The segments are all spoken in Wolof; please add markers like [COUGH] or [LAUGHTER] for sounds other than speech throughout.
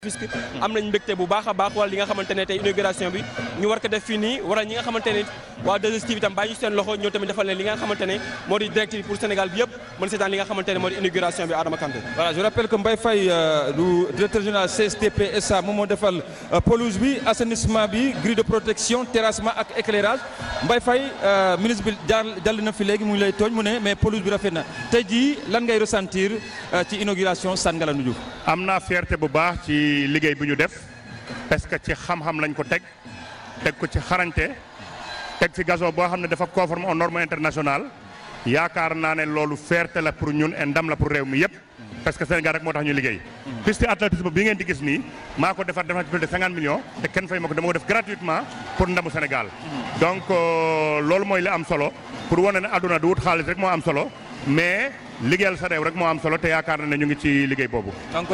Rufisque am nañ mbégte bu baax a baax wala li nga xamante ne tey inauguration bi ñu war ko def fii nii wala ñi nga xamante ne waa 2STV itam ñu seen loxo ñoo tamit defal leen li nga xamante moo di direct bi pour Sénégal bi yëpp mën seetaan li nga xamante moo di inauguration bi Adama Kanté voilà je rappelle que Mbaye Faye du euh, directeur général CSTP euh, bi assainissement bi ak éclairage Mbaye Faye euh, ministre bi dal na fi léegi mu ngi lay tooñ mu ne mais pelouse bi rafet na te jii lan ngay ressentir ci inauguration Sane Ngalandou Diouf ci liggéey bi ñu def parce que ci xam-xam lañ ko teg teg ko ci xarañte teg fi gazon boo xam ne dafa conforme aux normes internationales yaakaar naa ne loolu fierté la pour ñun ndam la pour réew mi yëpp parce que Sénégal rek moo tax ñu liggéey. piste athlétisme bi ngeen di nii maa defar defar ci plus te kenn fay ma ko def gratuitement pour ndamu Sénégal. donc euh, loolu mooy li am solo pour wane ne àdduna du wut xaalis rek moo am solo liggéeyal sa réew rek moo am solo te yaakaar na ne ñu ngi ci liggéey boobu. donc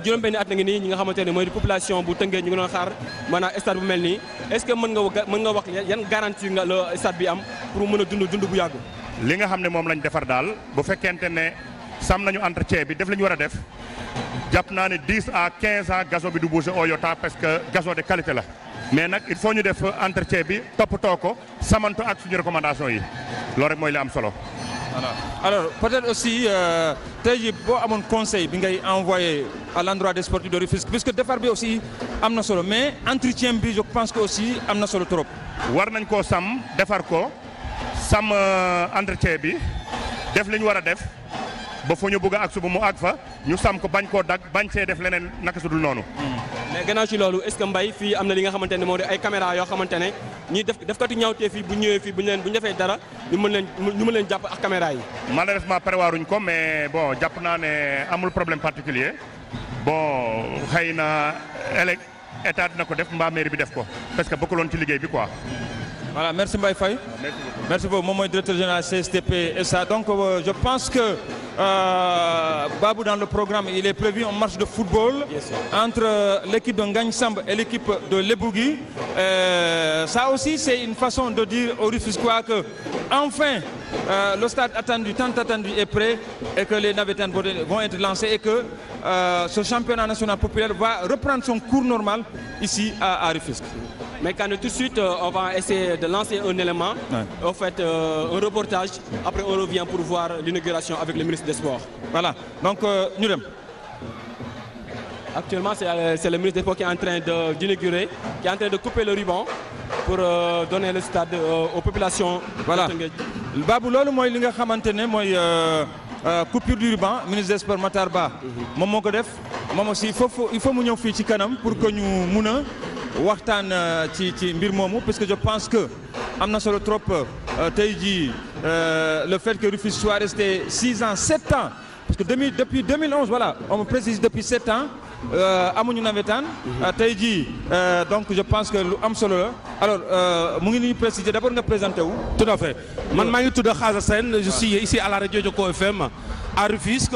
juróom-benni at na ngi nii ñi nga xamante ne mooy population bu Tëngéej ñu ngi doon xaar maanaam stade bu mel nii est-ce que mën mën nga wax yan garantie nga la bi am pour mën a dund bu yàgg. li nga xam ne moom lañ defar daal bu fekkente ne sam nañu entretien bi def la war a def jàpp naa ne 10 à 15 ans gazon bi du bouger au yota parce que gazon de qualité la. mais nag il faut ñu def entretien bi too ko samanto ak suñu recommandation yi loolu rek mooy li am solo. alors peut-être aussi euh, tey jii boo amoon conseil bi ngay envoyé à l'endroit des sportifs de Rufisque puisque defar bi aussi am na solo mais entretien bi je pense que aussi am na solo trop. war nañ koo sàmm defar ko sàmm euh, entretien bi def li ñu war a def boo fu ñu bëgg a ak suba mu àgg fa ñu sam ko bañ koo dagg bañ see def leneen naka sudul noonu. Hmm. mais gannaaw ci loolu est-ce mbay fii am na li nga xamante ne moo di ay caméra yoo xamante ne ñi def defkatu ñaawtee fii bu ñëwee fii bu ñu leen bu ñu defee dara ñu mën leen ñu mën leen jàpp a caméra yi. malheureusement prévoiruñ ko mais bon jàpp naa ne amul problème particulier bon xëy na éleg état na ko def mbaa mairie bi def ko parce que bokk bokkuloon ci liggéey bi quoi. voilà merci Mbaye Faye. merci beaucoup moom mooy directeur général CSTP SA donc euh, je pense que euh, Babou dans le programme il est prévu de football. Yes, entre euh, l'équipe Samb et l'équipe de Lebougui. Euh, ça une façon de dire aux Rufisquois que enfin euh, le stade attendu tant et que les navétanes vont que ce championnat national populaire va reprendre normal ici à, à Mais quand tout de suite, euh, on va essayer de lancer un élément, ouais. en fait, euh, un reportage. Après, on revient pour voir l'inauguration avec le ministre des Sports. Voilà. Donc, nous euh, Actuellement, c'est le ministre des Sports qui est en train d'inaugurer, qui est en train de couper le ruban pour euh, donner le stade euh, aux populations. Voilà. Babou, lolu moy li nga xamantene moy coupure du ruban ministre des sports Matar Ba mom mhm. moko def mom aussi il faut mu ñew fi ci kanam pour que ñu mëna waxtaan euh, ci ci mbir moomu parce que je pense que am na solo trop euh, tey jii euh, le fait que Rufisque soit resté six ans sept ans parce que demi depuis 2011 voilà on me depuis sept ans amuñu nawetaan tey jii donc je pense que lu am solo la alors mu ngi nuy préciser d'abord nga présenté wu. tout à fait man maa ngi tudd Xaasa Sène je suis ici à la rajo Joko FM à Rufisque.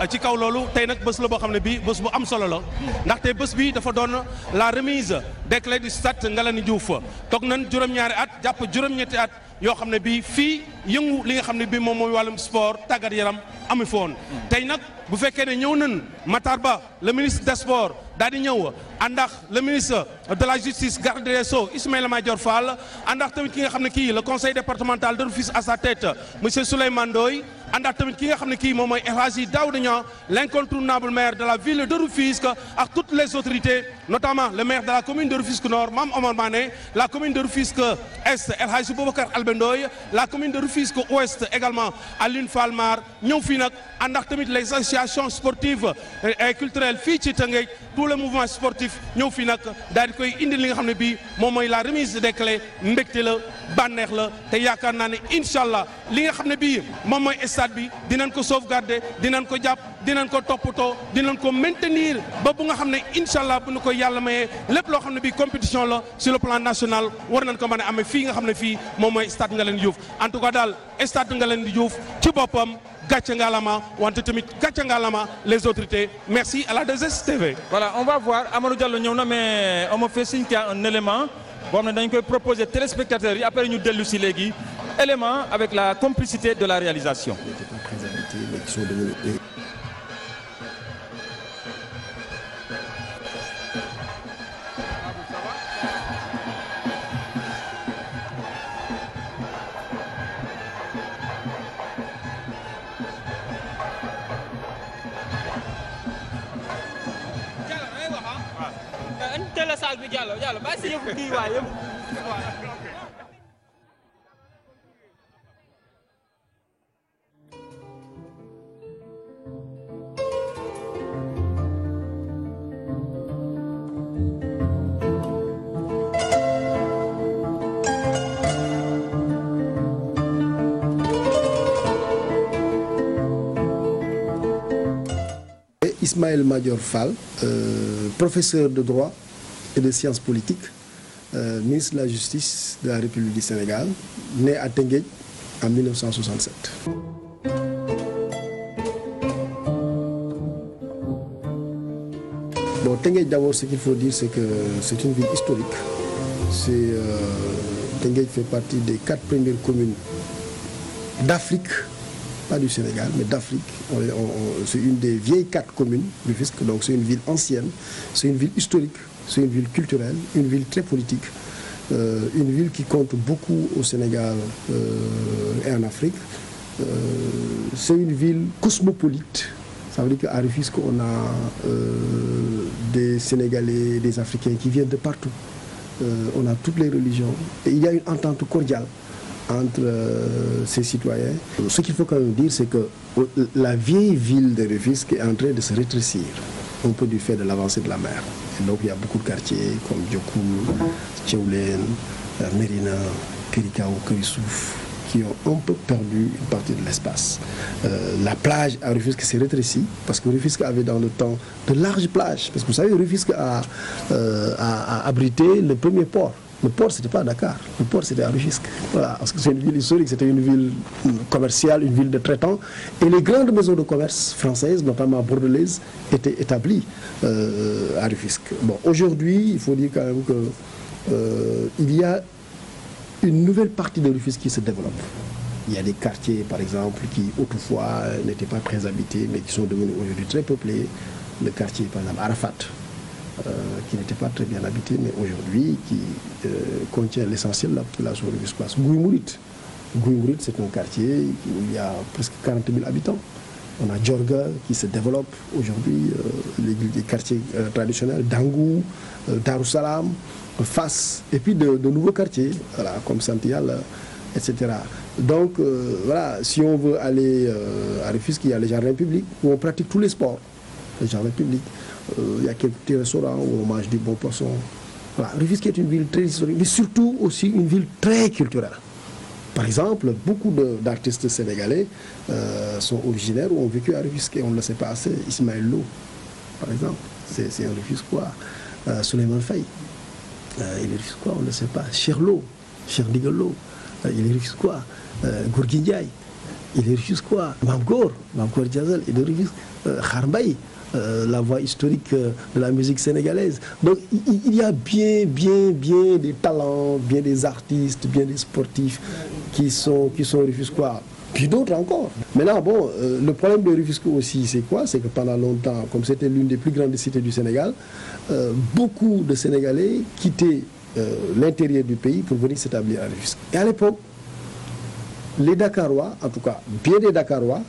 Euh, ci kaw loolu tey nag bés la boo xam ne bii bés bu am solo la ndaxte bés bi dafa doon la remise des clés du stade Ngalandou Diouf toog nañ juróom-ñaari at jàpp juróom-ñetti at yoo xam ne bii fii yëngu li nga xam ne bii moom mooy wàllum sport tàggat yaram amu fi woon tey nag bu fekkee ne ñëw nañ Matar Ba la ministre des sports daal di ñëw àndax le ministre de la justice garde des sceaux Ismaïla Madior Fall àndax tamit ki nga xam ne kii le conseil départemental de Rufisque à sa tête monsieur Souleymane Ndoye àndaat tamit ki nga xam ne kii moom mooy El Hadji Daouda Niang l'incontournable maire de la ville de Rufisque ak toutes les autorités notamment le maire de la commune de Rufisque Nord, Mam Omar Mané, la commune de Rufisque Est, El Hadji Boubacar Albendoy, la commune de Rufisque Ouest également, Aline Falmar, ñëw fii nag ànd ak tamit les associations sportives et culturelles fii ci Tëngéej tout le mouvement sportif ñëw fii nag daal di koy indi li nga xam ne bii moom mooy la remise des clés mbégte la bànneex la te yaakaar naa ne incha allah li nga xam ne bii moom mooy stade bi dinañ ko sauvegarder dinañ ko jàpp dinañ ko toppatoo dinañ ko maintenir ba bu xam ne incha allah yàlla mayee lépp loo xam ne bii compétition la sur le plan national war nañ ko mën a amee fii nga xam ne fii moom mooy stade Ngalandou Diouf en tout cas daal stade Ngalandou Diouf ci boppam gàcce ngalama wante tamit gàcce ngalama les autorités merci à la 2STV. voilà on va voir Amadou Diallo ñëw na mais on me fait signe qu'il y a un élément boo xam ne dañ koy proposer téléspectateurs yi après ñu dellu si léegi élément avec la complicité de la réalisation. Diallo Diallo bàyyi si yëpp kii waay yëpp Ismaël Madior Fall, euh, professeur de droit et de sciences politiques, euh, ministre de Sénégal, né à Tenguej en 1967. Bon, Tenguej d'abord, ce qu'il faut dire, c'est que c'est une ville historique. C'est, euh, Tenguej fait des quatre premières communes d'Afrique pas du Sénégal, mais d'Afrique. une des vieilles quatre communes du C'est une ville culturelle, une ville très politique, euh, une ville qui compte beaucoup au Sénégal euh, et en Afrique. Euh, c'est une ville cosmopolite. Ça veut dire qu'à Rufisque, on a euh, des Sénégalais, des Africains qui viennent de partout. Euh, on a toutes les religions. Et il y a une entente cordiale entre euh, ces citoyens. Ce qu'il faut quand même dire, c'est que la vieille ville de Rufisque est en train de se rétrécir, un peu du fait de l'avancée de la mer. donc il y a beaucoup de quartiers comme Diokoul, Tchéoulène, euh, Mérina, Kerikao, Kerissouf, qui ont perdu une partie de l'espace. Euh, la plage à Rufisque s'est rétrécie parce que Rufisque avait dans le temps de larges plages. Parce que vous savez, Rufisque a euh, abrité le premier port Le port, c'était pas à Dakar. Le port, c'était à Rufisque. Voilà, parce que c'est une ville historique, c'était une ville commerciale, une ville de traitants. Et les grandes maisons de commerce françaises, notamment bordelaises, étaient établies euh, à Rufisque. Bon, aujourd'hui, il faut dire quand même que euh, il y a une nouvelle partie de Rufisque qui se développe. Il y a des quartiers, par exemple, qui autrefois n'étaient pas très habités, mais qui sont devenus aujourd'hui très peuplés. Le quartier, par exemple, Arafat, Euh, qui n'était pas très bien habité, mais aujourd'hui qui euh, contient l'essentiel de la population rufiscoise. Gouimourit. Gouimourit, c'est un quartier où il y a presque 40 000 habitants. On a Djorga qui se développe aujourd'hui, euh, les, quartiers traditionnels, Dangou, euh, Darussalam, Fas, et puis de, de nouveaux quartiers, voilà, comme Santial, etc. Donc voilà, si on veut aller à Rufisque, il y a les jardins publics on pratique tous les sports, les jardins publics. Euh, il y a quelques petits on mange du bon poisson. Voilà, est une ville très historique, mais surtout aussi une ville très culturelle. Par exemple, beaucoup d'artistes sénégalais euh, sont originaires ou ont vécu à Rufisque, on ne le sait pas assez. Ismaël Lo, par exemple, c'est un Rufisquois. Euh, Suleiman Faye, euh, il est on ne le sait pas. Cherlo, Cherdigolo, il est Rufisquois. Gourguindiaï, il est Rufisquois. Mamgor, Mamgor Diazel, il est Rufisquois. euh, la voix historique euh, de la musique sénégalaise. Donc il y a bien, bien, bien des talents, bien des artistes, bien des sportifs qui sont, qui sont rufusquois. Puis d'autres encore. Maintenant, bon, euh, le problème de Rufusco aussi, c'est quoi C'est que pendant longtemps, comme c'était l'une des plus grandes cités du Sénégal, euh, beaucoup de Sénégalais quittaient euh, l'intérieur du pays pour venir s'établir à Rufusco. Et à l'époque, les Dakarois, en tout cas, bien des Dakarois,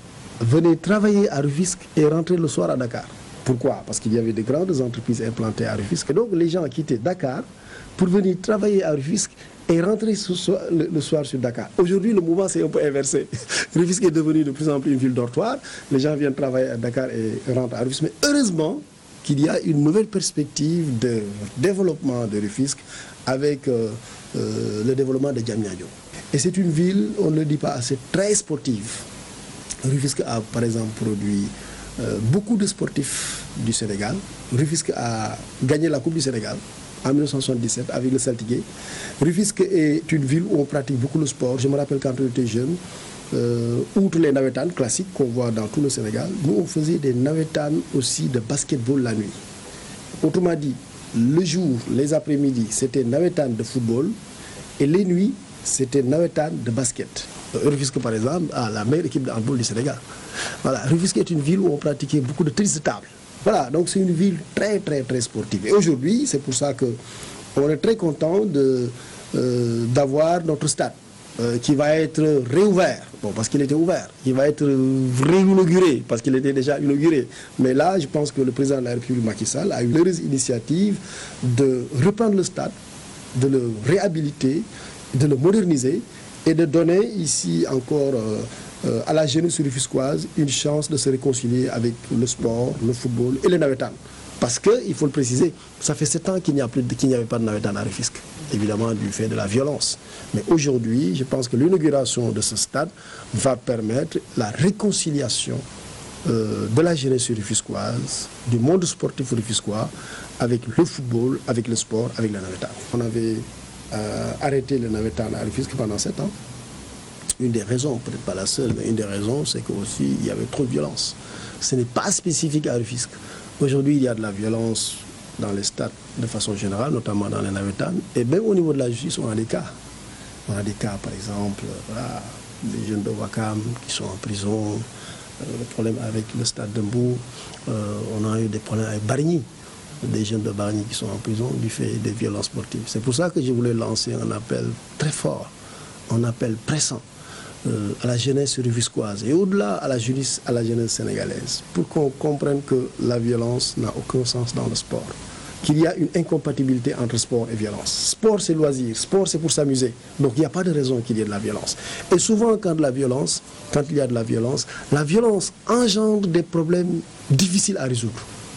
venaient travailler à Rufisque et rentraient le soir à Dakar. Pourquoi Parce qu'il y avait de grandes entreprises implantées à Rufisque. Et donc les gens quittaient Dakar pour venir travailler à Rufisque et rentrer le soir sur Dakar. Aujourd'hui, le mouvement s'est un peu inversé. [LAUGHS] Rufisque est devenu de plus en plus une ville dortoir. Les gens viennent travailler à Dakar et rentrent à Rufisque. Mais heureusement qu'il y a une nouvelle perspective de développement de Rufisque avec euh, euh, le développement de Diamniadio. Et c'est une ville, on ne le dit pas assez, très sportive. Rufisque a par exemple produit euh, beaucoup de sportifs du Sénégal. Rufisque a gagné la Coupe du Sénégal en 1977 avec le Saltigué. Rufisque est une ville on pratique beaucoup le sport. Je me rappelle quand on était jeune, euh, outre les nawetanes classiques qu'on dans tout le Sénégal, nous on faisait des nawetanes aussi de basketball la nuit. Autrement dit, le jour, les après-midi, c'était nawetan de football et les nuits, c'était nawetan de basket. Rufisque, par exemple, a la meilleure équipe de handball du Sénégal. Voilà, Rufisque est une ville où on pratiquait beaucoup de tennis de table. Voilà, donc c'est une ville très, très, très sportive. Et aujourd'hui, c'est pour ça que on est très content euh, d'avoir euh, notre stade euh, qui va être réouvert, bon, parce qu'il était ouvert, qui va être réinauguré, parce qu'il était déjà inauguré. Mais là, je pense que le président de la République, Macky Sall, a eu l'heureuse initiative de reprendre le stade, de le réhabiliter, de le moderniser, et de donner ici encore euh, euh, à la jeunesse rufiscoise une chance de se réconcilier avec le sport, le football et le nawetan. Parce que, il faut le préciser, ça fait sept ans qu'il n'y qu avait pas de nawetan à Rufisque, évidemment du fait de la violence. Mais aujourd'hui, je pense que l'inauguration de ce stade va permettre la réconciliation euh, de la jeunesse rufiscoise, du monde sportif rufiscois, avec le football, avec le sport, avec la nawetan. On avait Euh, arrêté le navétane à Rufisque pendant sept ans. Une des raisons, peut-être pas la seule, mais une des raisons, c'est qu'aussi il y avait trop de violence. Ce n'est pas spécifique à Rufisque. Aujourd'hui, il y a de la violence dans les stades de façon générale, notamment dans les navetanes, et même au niveau de la justice, on a des cas. On a des cas, par exemple, voilà, des jeunes de Wakam qui sont en prison, euh, le problème avec le stade de Mbou, euh, on a eu des problèmes avec Barigny. des jeunes de Bargny qui sont en prison du fait des violences sportives. C'est pour ça que je voulais lancer un appel très fort, un appel pressant euh, à la jeunesse rufiscoise et au-delà à la jeunesse, à la jeunesse sénégalaise pour qu'on comprenne que la violence n'a aucun sens dans le sport. Qu'il y a une incompatibilité entre sport et violence. Sport, c'est loisir. Sport, c'est pour s'amuser. Donc, il n'y a pas de raison qu'il y ait de la violence. Et souvent, quand, de la violence, quand il y a de des problèmes difficiles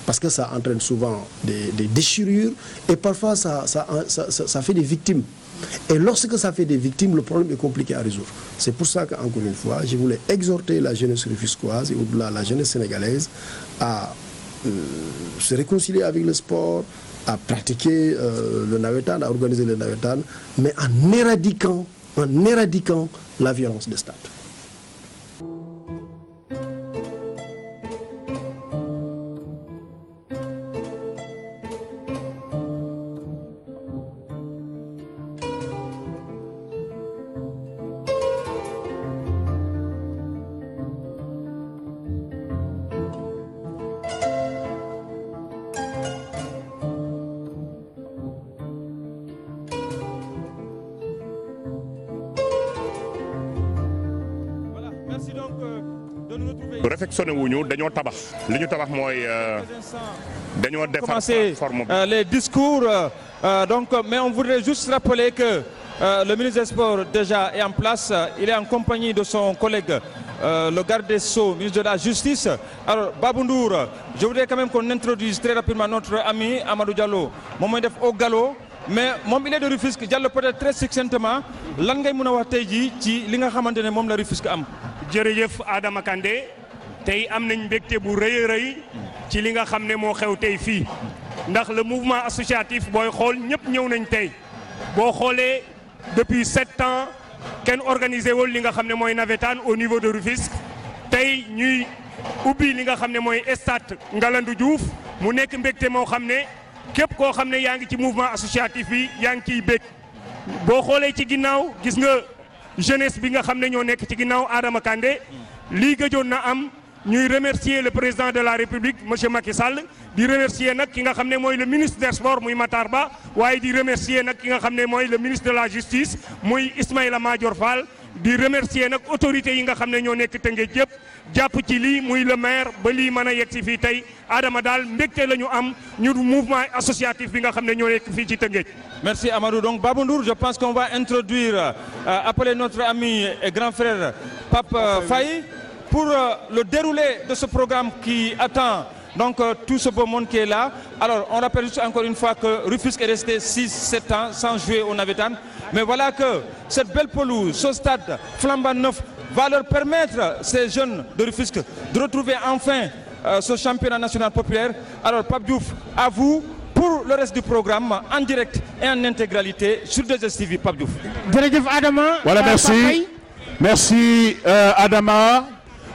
parce que ça entraîne souvent des, des déchirures et parfois ça, ça, ça, ça fait des victimes. Et lorsque ça fait des victimes, le problème est compliqué à résoudre. C'est pour ça qu'encore une fois, je voulais exhorter la jeunesse rufiscoise et au-delà la jeunesse sénégalaise à euh, se réconcilier avec le sport, à pratiquer euh, le nawetan, à organiser le nawetan, mais en éradiquant, en éradiquant la violence des stades. sonewuñu dañoo tabax li ñu tabax mooy euh, dañoo defar forme euh, les discours euh, euh, donc mais on voudrait juste rappeler que le ministre des Sports déjà est en place il est en compagnie de son collègue euh, le garde des Sceaux ministre de la Justice alors Babou Ndour je voudrais quand même qu'on introduise très rapidement notre ami Amadou Diallo moom mooy def au galop mais moom il est de Rufisque jallo peut-être très succinctement lan ngay mën a wax tey jii ci li nga xamante ne moom la Rufisque am jërëjëf Adama Kandé tey am nañ mbégte bu rëy rëy ci li nga xam ne moo xew tey fii ndax le mouvement associatif booy xool ñëpp ñëw nañ tey boo xoolee depuis sept ans kenn organisé wul li nga xam ne mooy navétane au niveau de Rufisque tey ñuy ubbi li nga xam ne mooy stade Ngalandou Diouf mu nekk mbégte moo xam ne képp koo xam ne yaa ngi ci mouvement associatif bi yaa ngi ciy bég boo xoolee ci ginnaaw gis nga jeunesse bi nga xam ne ñoo nekk ci ginnaaw Adama Kandé lii gëjoon na am ñuy remercier le président de la république monsieur Macky Sall di remercier nag ki nga xam ne mooy le ministre des sports muy Matar Ba waaye di remercier nag ki nga xam ne mooy le ministre de la justice muy Ismaïla Madior Fall di remercier nag autorités yi nga xam ne ñoo nekk Tëngéej yëpp jàpp ci lii muy le maire ba lii mën a yegg si fii tey Adama daal mbégte la ñu am ñu mouvement associatif bi nga xam ne ñoo nekk fii ci Tëngéej. Merci Amadou donc Babou Ndour je pense qu'on va introduire euh, appeler ami et grand frère euh, pour euh, le déroulé de ce programme qui attend donc euh, tout ce beau monde qui est là. Alors, on rappelle juste encore une fois que Rufus est resté 6-7 ans sans jouer au Navetan. Mais voilà que cette belle pelouse, ce stade neuf, va leur permettre, ces jeunes de Rufusque, de retrouver enfin euh, ce championnat national populaire. Alors, Pape Diouf, pour le reste du programme en direct et en intégralité sur 2STV, Pape Diouf. Voilà, euh, Adama.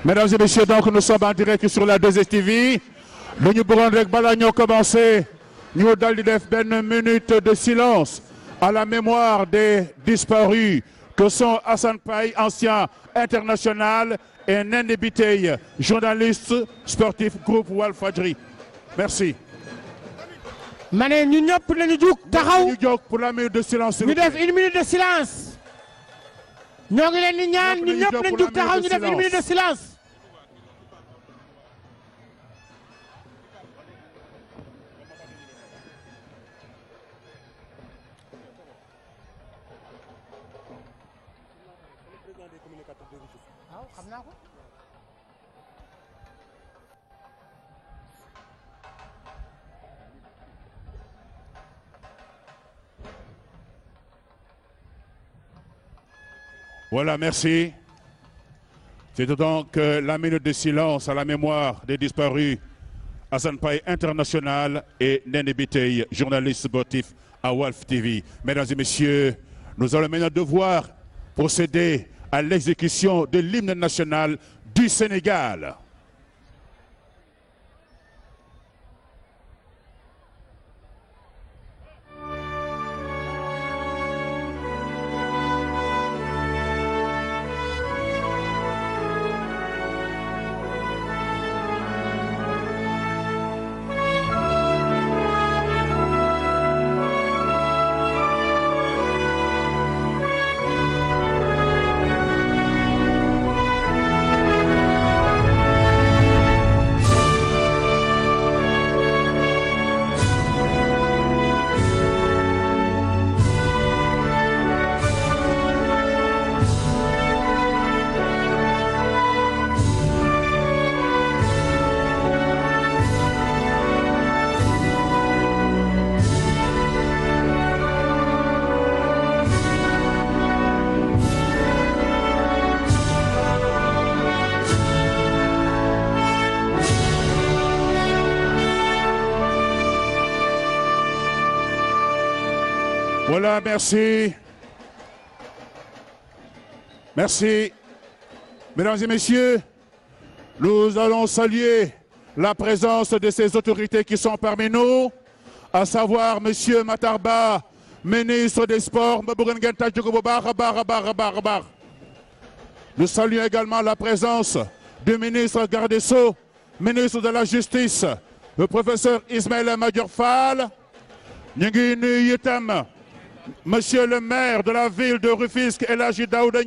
Mesdames et messieurs, donc nous sommes en direct sur la 2STV lu ñu bëggoon rek ñoo commencé ñu dal di def benn minute de silence à la mémoire des disparus que sont Assane Paye, ancien international et Néné Biteye, journaliste sportif groupe Walfadjri. Merci. ma ne ñun ñëpp nañu jug taxaw ñu jóg la minute de silence. ñu def une minute de silence. ñoo ngi leen di de silence. Voilà, merci. C'est donc euh, la minute de silence à la mémoire des disparus Hassan Paye international et Nene Bitey, journaliste sportif à Wolf TV. Mesdames et messieurs, nous allons maintenant devoir procéder à l'exécution de l'hymne national du Sénégal. Voilà, merci. Merci. Mesdames et messieurs, nous allons saluer la présence de ces autorités qui sont parmi nous, à savoir Monsieur Matarba, ministre des Sports, Nous saluons également la présence du ministre Gardesso, ministre de la Justice, le professeur Ismaël Madior Fall. monsieur le maire de la ville de Rufisque El Hadji Daouda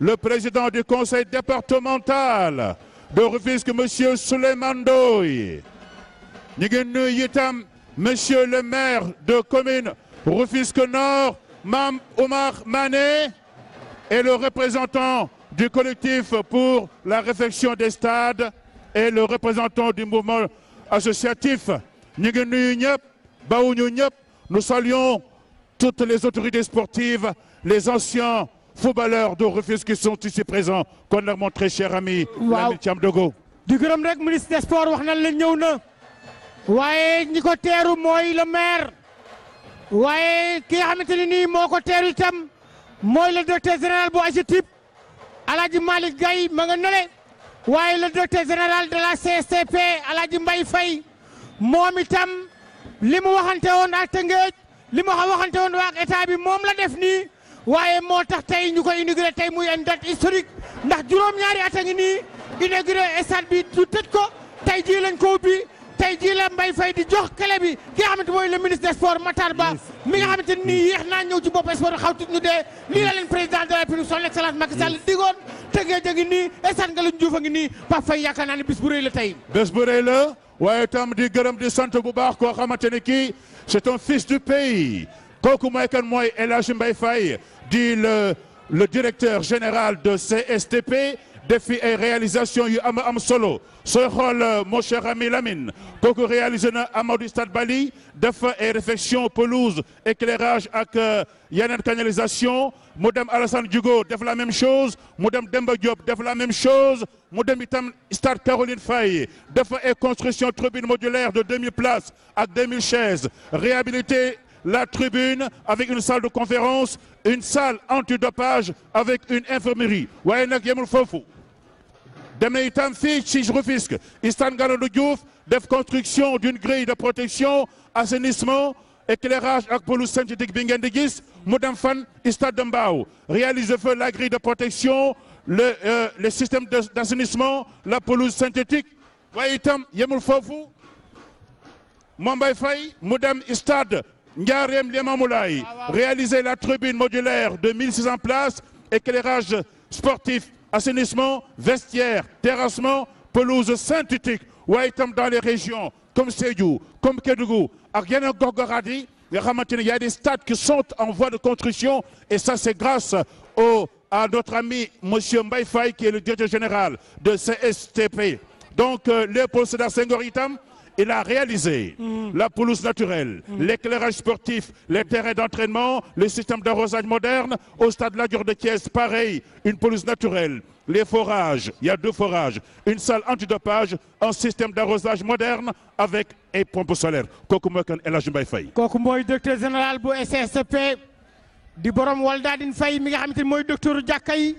le président du conseil départemental de Rufisque monsieur Souleymane Ndoye ñu ngi nuyu itam monsieur le maire de commune Rufisque Nord Mame Oumar Mané et le représentant du collectif pour la réfection des stades et le représentant du mouvement associatif ñu bawuñu ñëpp nous saluons toutes les autorités sportives les anciens footballeurs de Rufisque qui sont ici présents kon nag mon cher ami. waaw Lamine di gërëm rek ministre des sports wax nañ leen ñëw na. waaye ñi ko teeru mooy le maire. waaye ki nga nii moo ko teeru itam mooy le directeur général bu AGETIP Alaaji Malick Gaye ma nga nele waaye le directeur général de la CSTP Alaaji Mbaye Faye moom itam li mu waxante woon ak Tëngéej li mu waxante woon waa ak état bi moom la def nii waaye moo tax tey ñu koy inauguré tey muy une date historique ndax juróom-ñaari at a ngi nii inauguré stade bi du tëj ko tey jii lañ ko tey jii la mbay Faye di jox clé bi ki nga xamante mooy le ministre des sports Matar Ba mi nga xamante nii yéex naa ñëw ci bopp sport xaw tut ñu dee lii la leen président de la République son excellence Macky Sall digoon tëggee ja ngi nii estan nga lañ juufa ngi nii Pape Faye yaakaar naa ne bis bu rëy la tey bés la waaye tam di gërëm di sant bu baax koo xamante ne kii c'est un fils du pays kooku mooy kan mooy El Hadj Mbaye Faye di le directeur général de CSTP def fi ay réalisation yu am am solo sooy xool euh, mon cher ami Lamine kooku réalisé na Amadou Stade Bali def ay réfection pelouse éclairage ak euh, yeneen canalisation mu dem Alassane Diogo def la même chose mu dem Demba Diop def la même chose mu dem itam Stade Caroline Faye def ay construction tribune modulaire de 2000 places ak 2000 chaises réhabilité la tribune avec une salle de conférence une salle antidopage avec une infirmerie waaye nag yemul foofu dem na itam fii ci Rufisque Istane Ngalandou Diouf def construction d'une grille de protection assainissement éclairage ak pelouse synthétique bi ngeen di gis mu dem fan stade de Mbao fa la grille de protection le euh, le système d'assainissement la pelouse synthétique waaye itam yemul foofu Mame Mbaye Faye mu dem stade Ndiarème Limamoulaye réaliser la tribune modulaire de 1600 places éclairage sportif assainissement vestiaire terrassement pelouse synthétique waaye itam dans les régions comme Sédhiou comme Kédougou ak yeneen gox nga xamante ne y a des stades qui sont en voie de construction et ça c'est grâce à notre ami monsieur Mbaye Faye qui est le directeur général de CSTP donc euh, Léopold Sédar Senghor itam il a réalisé mmh. la pelouse naturelle, mmh. l'éclairage sportif, les terrains d'entraînement, le système d'arrosage moderne. Au stade La Dior de Thiès, pareil, une pelouse naturelle, les forages, il y a deux forages, une salle antidopage, un système d'arrosage moderne avec ay pompe solaire kooku mooy kan El Hadj Mbaye Faye. kooku mooy directeur général bu SSP di borom Waldaadine Faye mi nga xamante ni mooy docteur jàkka yi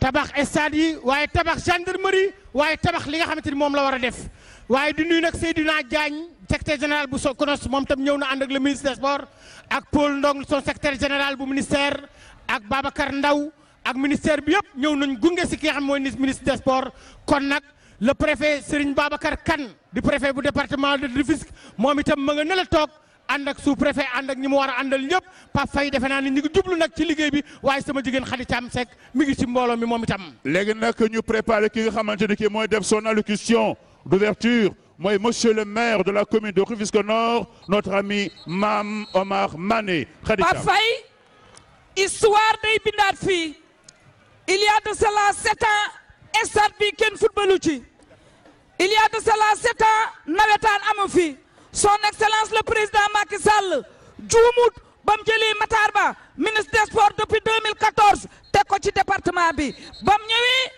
tabax stade yi waaye tabax gendarmerie waaye tabax li nga xamante ni moom la war a def. waaye du nuyu nag Seydina Diagne secrétaire général bu SOCONOS moom tam ñëw na ànd ak le ministre des sports ak Paul Ndong son secrétaire général bu ministère ak Babacar Ndaw ak ministère bi yëpp ñëw nañ gunge si ki nga xam mooy ministre des kon nag le préfet Serigne Babacar kan di préfet bu département de Rufisque moom itam ma nga ne la toog ànd ak sous préfet ànd ak ñi mu war a àndal ñëpp Pape Faye defe naa ne ñu ngi nag ci liggéey bi waaye sama jigéen Khady Thiam Seck mi ngi ci mbooloo mi moom itam. léegi nag ñu xamante ni kii mooy def son allocution. d'ouverture mooy monsieur le maire de la commune de Rufisque Nord notre ami Mame Omar Mané. Khadija Pape Faye histoire day bindaat fii il y a de cela sept ans stade bi kenn footballu ci il y a de cela sept ans nawetaan amu fi son excellence le président Macky Sall juumut ba mu Ba ministre des depuis 2014 teg ko bi bam ñëwee.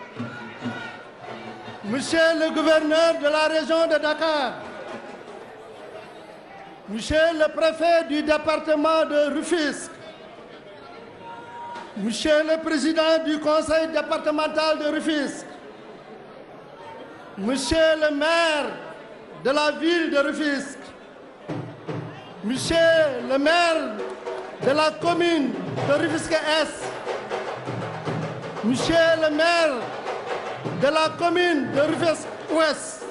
Monsieur le gouverneur de la région de Dakar, Monsieur le préfet du département de Rufisque, Monsieur le président du conseil départemental de Rufisque, Monsieur le maire de la ville de Rufisque, Monsieur le maire de la commune de Rufisque-Est, Monsieur le maire de la commune de Rufès-Ouest.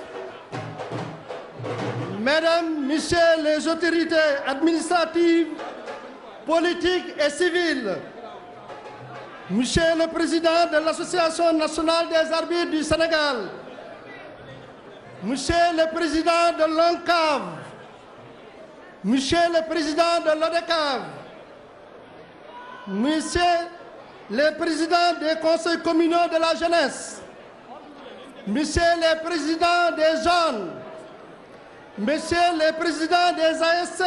Mesdames, Messieurs les autorités administratives, politiques et civiles, Monsieur le Président de l'Association nationale des arbitres du Sénégal, Monsieur le Président de l'ONCAV, Monsieur le Président de l'ODECAV, Monsieur le Président des conseils communaux de la jeunesse, Monsieur le Président des jeunes, Monsieur le Président des ASC,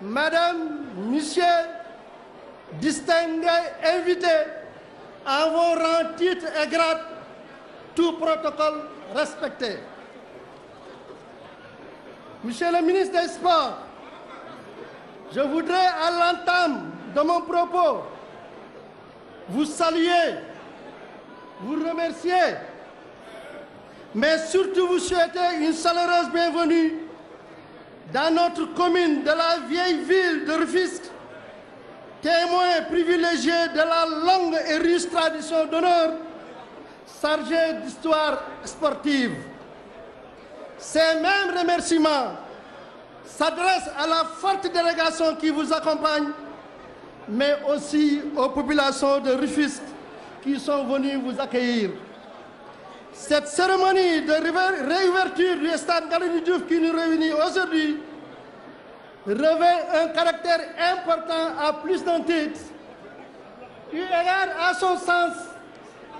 Madame, Monsieur, distingués invités, à vos rangs, titres et grades, tout protocole respecté. Monsieur le ministre des Sports, je voudrais à l'entame de mon propos vous saluer, vous remercier mais surtout vous souhaiter une chaleureuse bienvenue dans notre commune de la vieille ville de Rufisque, témoin privilégié de la longue et riche tradition d'honneur, chargé d'histoire sportive. Ces mêmes remerciements s'adressent à la forte délégation qui vous accompagne, mais aussi aux populations de Rufisque qui sont venues vous accueillir. Cette cérémonie de réouverture du stade Galandou Diouf qui nous réunit aujourd'hui revêt un caractère important à plus d'un titre, eu égard à son sens,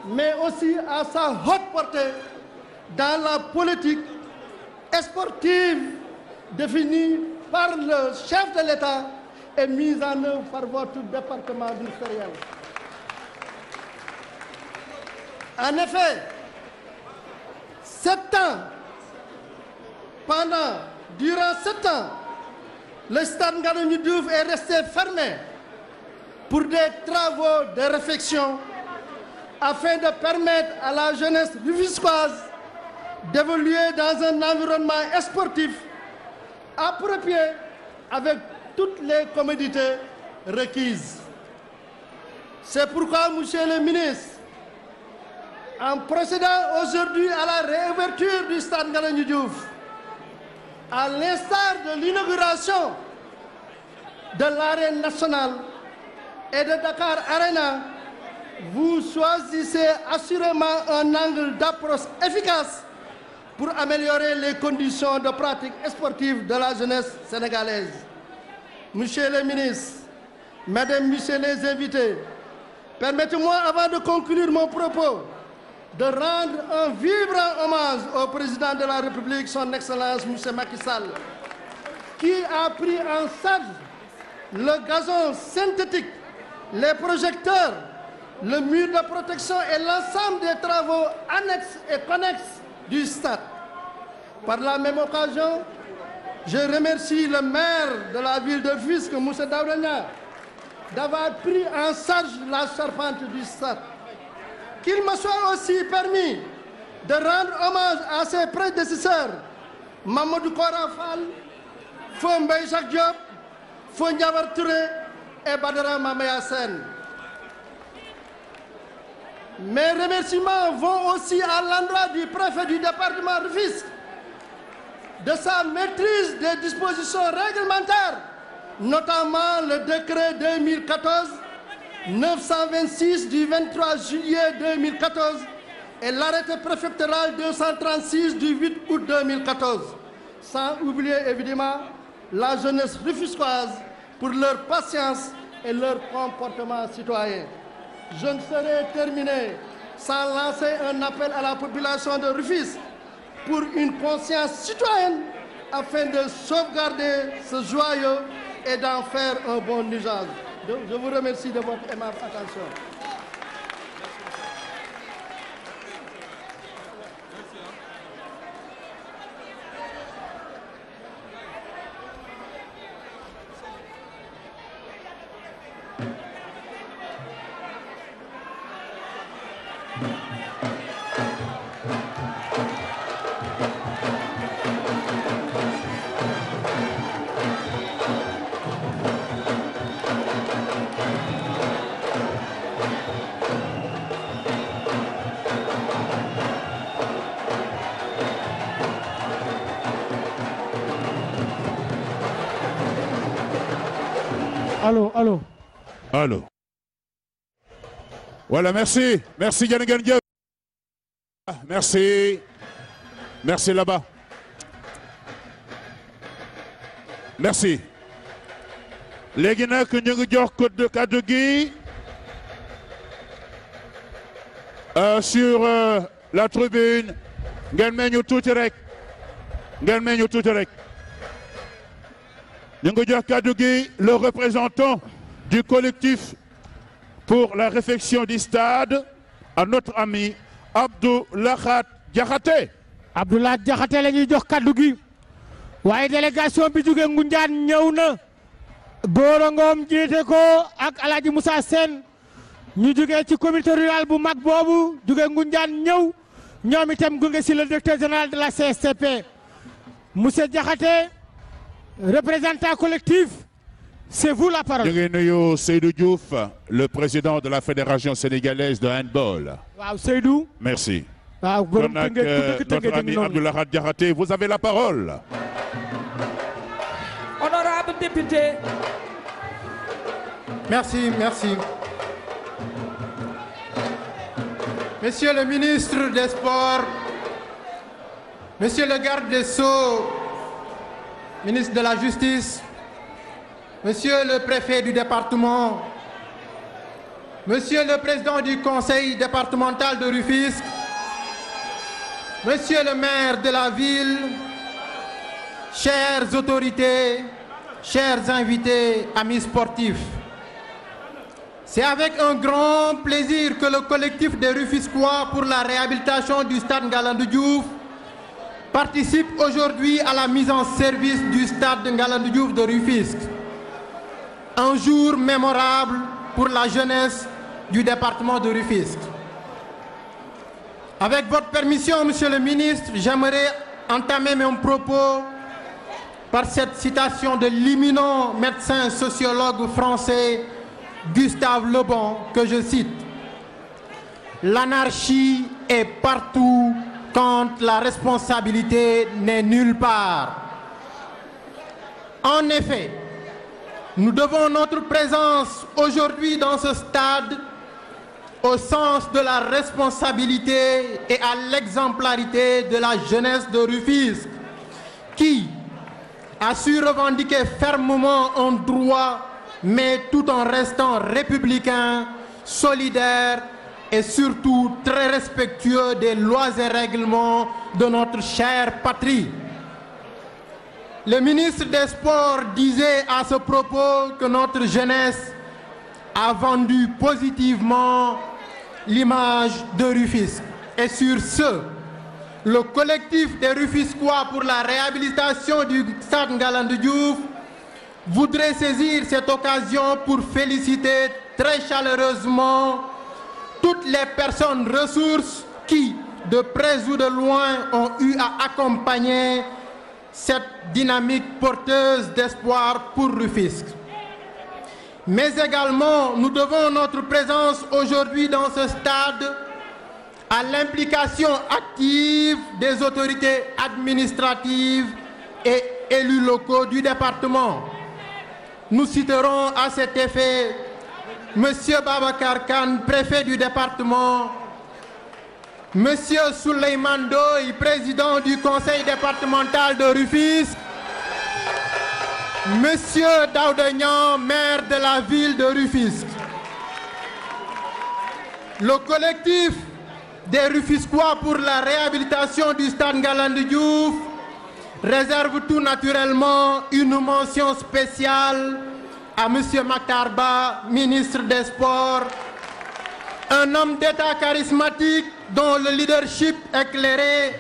mais aussi à sa haute portée dans la politique sportive définie par le chef de l'État et mise en œuvre par votre département ministériel. En effet, sept ans pendant durant sept ans le stade Ngalandou Diouf est resté fermé pour des travaux de réfection afin de permettre à la jeunesse rufiscoise d'évoluer dans un environnement sportif approprié avec toutes les commodités requises. C'est pourquoi, monsieur le ministre, en procédant aujourd'hui à la réouverture du stade Ngalandou à l'instar de l'inauguration de l'arène nationale et de Dakar Arena, vous choisissez assurément un angle d'approche efficace pour améliorer les conditions de pratique sportive de la jeunesse sénégalaise. Monsieur le ministre, Mesdames, Messieurs les invités, permettez-moi avant de conclure mon propos de rendre un vibrant hommage au président de la République, son Excellence M. Macky qui a pris en charge le gazon synthétique, les projecteurs, le mur de protection et l'ensemble des travaux annexes et connexes du stade. Par la même occasion, je remercie le maire de la ville de Fusque, M. Daurania, d'avoir pris en charge la charpente du stade qu'il me soit aussi permis de rendre hommage à ses prédécesseurs, Mamadou Korafal, Fombe Jacques Diop, Fondiavar Touré et Badara Mamaya Sen. Mes remerciements vont aussi à l'endroit du préfet du département de de sa maîtrise des dispositions réglementaires, notamment le décret 926 du 23 juillet 2014 et l'arrêté préfectoral 236 du 8 août 2014. Sans oublier évidemment la jeunesse rufiscoise pour leur patience et leur comportement citoyen. Je ne serai terminé sans lancer un appel à la population de Rufisque pour une conscience citoyenne afin de sauvegarder ce joyau et d'en faire un bon usage. Donc, je vous remercie de votre aimable attention. Merci. allo allo. allo. voilà merci merci jërë ngeen jëf. merci merci là-bas. merci. léegi nag ñu ngi jox kàddu gi euh, sur euh, la tribune ngeen meññu tuuti rek ngeen meññu tuuti rek. ñu ngi jox kàddu gi le représentant du collectif pour la réfection du stade à notre ami Abdou Lakhat Diakhaté. Abdou Lakhat la ñuy jox kàddu gi waaye délégation bi jóge Ngoundiane ñëw na Gora Ngom jiite ko ak El Hadj Moussa ñu jóge ci comité rural bu mag boobu jóge Ngoundiane ñëw ñoom itam gunge si le directeur général de la CSTP monsieur Diakhaté. représentant collectif c'est vous la parole. ñu ngi nuyu Seydou Diouf le président de la fédération sénégalaise de handball. monsieur le ministre des sports. monsieur le garde des sceaux. ministre de la Justice, Monsieur le préfet du département, Monsieur le président du conseil départemental de Rufisque, Monsieur le maire de la ville, chères autorités, chers invités, amis sportifs, c'est avec un grand plaisir que le collectif des Rufisquois pour la réhabilitation du stade Ngalandou Diouf participe aujourd'hui à la mise en service du stade de Ngalandou Diouf de Rufisque. Un jour mémorable pour la jeunesse du département de Rufisque. Avec votre permission, Monsieur le ministre, j'aimerais entamer mon propos par cette citation de l'imminent médecin sociologue français Gustave Lebon que je cite. L'anarchie est partout quand la responsabilité n'est nulle part. En effet, nous devons notre présence aujourd'hui dans ce stade au sens de la responsabilité et à l'exemplarité de la jeunesse de Rufisque qui a su revendiquer fermement un droit mais tout en restant républicain, solidaire et surtout très respectueux des lois et règlements de notre chère patrie. Le ministre des Sports disait à ce propos que notre jeunesse a vendu positivement l'image de Rufisque. Et sur ce, le collectif des Rufisquois pour la réhabilitation du Stade Ngalandou Diouf voudrait saisir cette occasion pour féliciter très chaleureusement toutes les personnes ressources qui, de près ou de loin, ont eu à accompagner cette dynamique porteuse d'espoir pour Rufisque. Mais également, nous devons notre présence aujourd'hui dans ce stade à l'implication active des autorités administratives et élus locaux du département. Nous citerons à cet effet Monsieur Babacar Khan, préfet du département, Monsieur Souleymane Ndoye, président du conseil départemental de Rufisque, Monsieur Daouda Niang, maire de la ville de Rufisque. Le collectif des Rufisquois pour la réhabilitation du stade Ngalandou Diouf réserve tout naturellement une mention spéciale à Monsieur Matarba, ministre des Sports, un homme d'État charismatique dont le leadership éclairé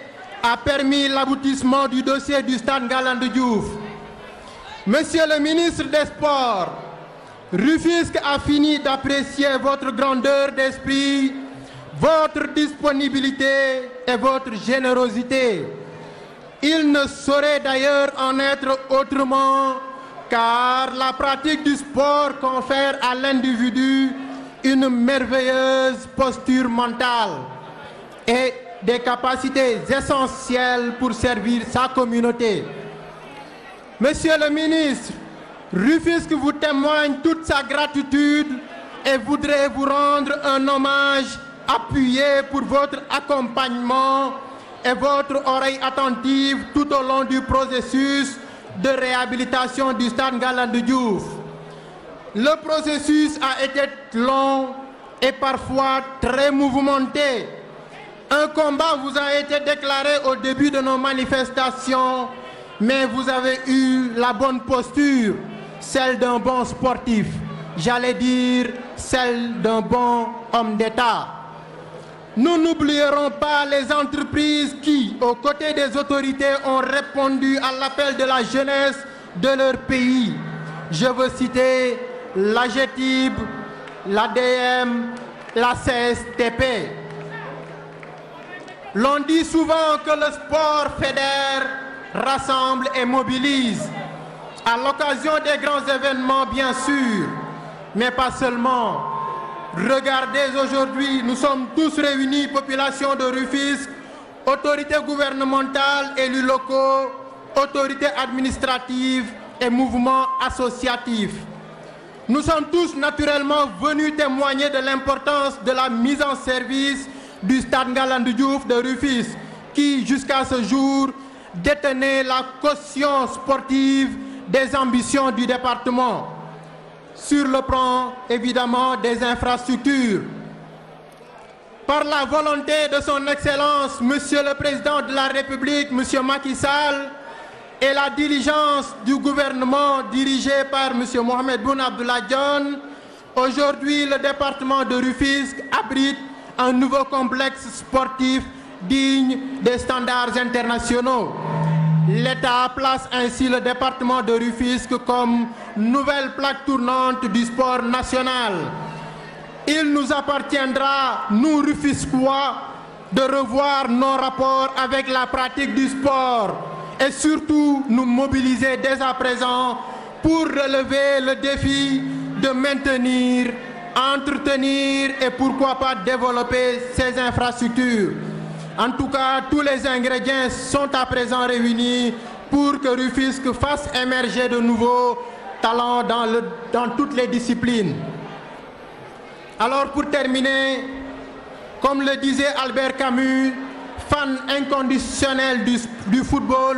a permis l'aboutissement du dossier du Stade Ngalandou Diouf. Monsieur le ministre des Sports, Rufisque a fini d'apprécier votre grandeur d'esprit, votre disponibilité et votre générosité. Il ne saurait d'ailleurs en être autrement car la pratique du sport confère à l'individu une merveilleuse posture mentale et des capacités essentielles pour servir sa communauté. Monsieur le ministre, que vous témoigne toute sa gratitude et voudrait vous rendre un hommage appuyé pour votre accompagnement et votre oreille attentive tout au long du processus de réhabilitation du stade Ngalandou Diouf. Le processus a été long et parfois très mouvementé. Un combat vous a été déclaré au début de nos manifestations, mais vous avez eu la bonne posture, celle d'un bon sportif, j'allais dire celle d'un bon homme d'État. Nous n'oublierons pas les entreprises qui, aux côtés des autorités, ont répondu à l'appel de la jeunesse de leur pays. Je veux citer l'AGETIB, l'ADM, la CSTP. L'on dit souvent que le sport fédère, rassemble et mobilise, à l'occasion des grands événements bien sûr, mais pas seulement. Regardez aujourd'hui, nous sommes tous réunis, population de Rufisque, autorité gouvernementales, élus locaux, autorités administratives et mouvements associatifs. Nous sommes tous naturellement venus témoigner de l'importance de la mise en service du stade Ngalandou Diouf de Rufisque, qui jusqu'à ce jour détenait la caution sportive des ambitions du département. sur le plan évidemment des infrastructures. Par la volonté de son Excellence, Monsieur le Président de la République, Monsieur Macky Sall, et la diligence du gouvernement dirigé par Monsieur Mohamed Boun Abdallah Dionne, aujourd'hui le département de Rufisque abrite un nouveau complexe sportif digne des standards internationaux. L'État place ainsi le département de Rufisque comme nouvelle plaque tournante du sport national. Il nous appartiendra, nous Rufisquois, de revoir nos rapports avec la pratique du sport et surtout nous mobiliser dès à présent pour relever le défi de maintenir, entretenir et pourquoi pas développer ces infrastructures. En tout cas, tous les ingrédients sont à présent réunis pour que Rufisque fasse émerger de nouveaux talents dans, le, dans toutes les disciplines. Alors pour terminer, comme le disait Albert Camus, fan inconditionnel du, du football,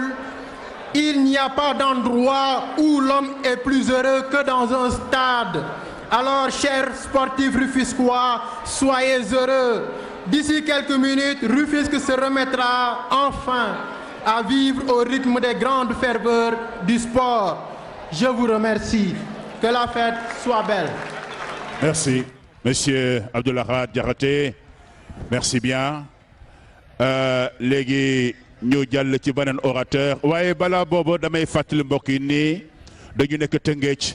il n'y a pas d'endroit où l'homme est plus heureux que dans un stade. Alors, chers sportifs rufiscois, soyez heureux. D'ici quelques minutes, Rufisque se remettra enfin à vivre au rythme des grandes ferveurs du sport. Je vous remercie. Que la fête soit belle. Merci. Monsieur Abdoulaye Diarraté, merci bien. Euh, léegi ñu jàll ci beneen orateur waaye balaa boobo damay fàttali mbokk yi nii dañu nekk Tëngéej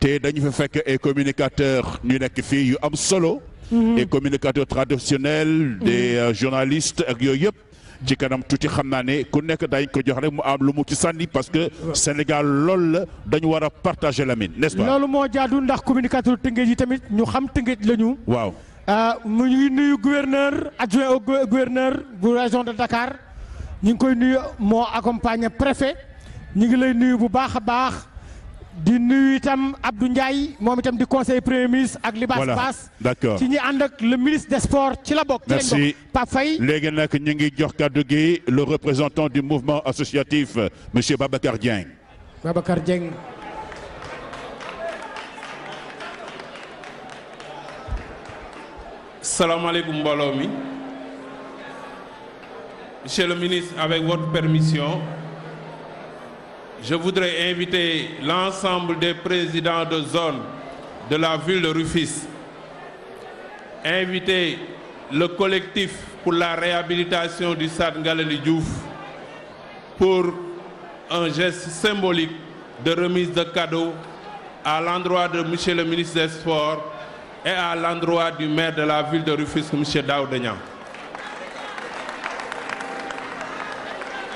te dañu fa fekk ay communicateur ñu nekk fii yu am solo. Mhm. des communicateurs traditionnels mhm. des euh, journalistes ak yooyu yëpp ci kanam tuuti xam naa ne ku nekk dañ ko jox rek mu am lu mu ci sànni parce que Sénégal loolu la dañu war a partager la mine n'est-ce pas. loolu moo jaadu ndax communicateur Tëngéej yi tamit ñu xam Tëngéej la ñu. waaw ah, mu ngi nuyu gouverneur adjoint au gouverneur bu région de Dakar ñu ngi koy nuyu moo accompagné préfet ñu ngi lay nuyu bu baax a baax. di nuyu itam Abdou Ndiaye moom itam di conseil premier ministre ak. li baas baas d'accord ci ñi ànd ak le ministre des sports ci la bokk. merci Pape Faye léegi nag ñu ngi jox kàddu gi le représentant du mouvement associatif monsieur Babacar Dieng. Babacar Dieng. salaamaaleykum mbooloo mi monsieur le ministre avec votre permission. je voudrais inviter l'ensemble des présidents de zone de la ville de Rufis, inviter le collectif pour la réhabilitation du Stade Ngalandou Diouf pour un geste symbolique de remise de cadeaux à l'endroit de monsieur le ministre des Sports et à l'endroit du maire de la ville de Rufisque, monsieur Daouda Niang.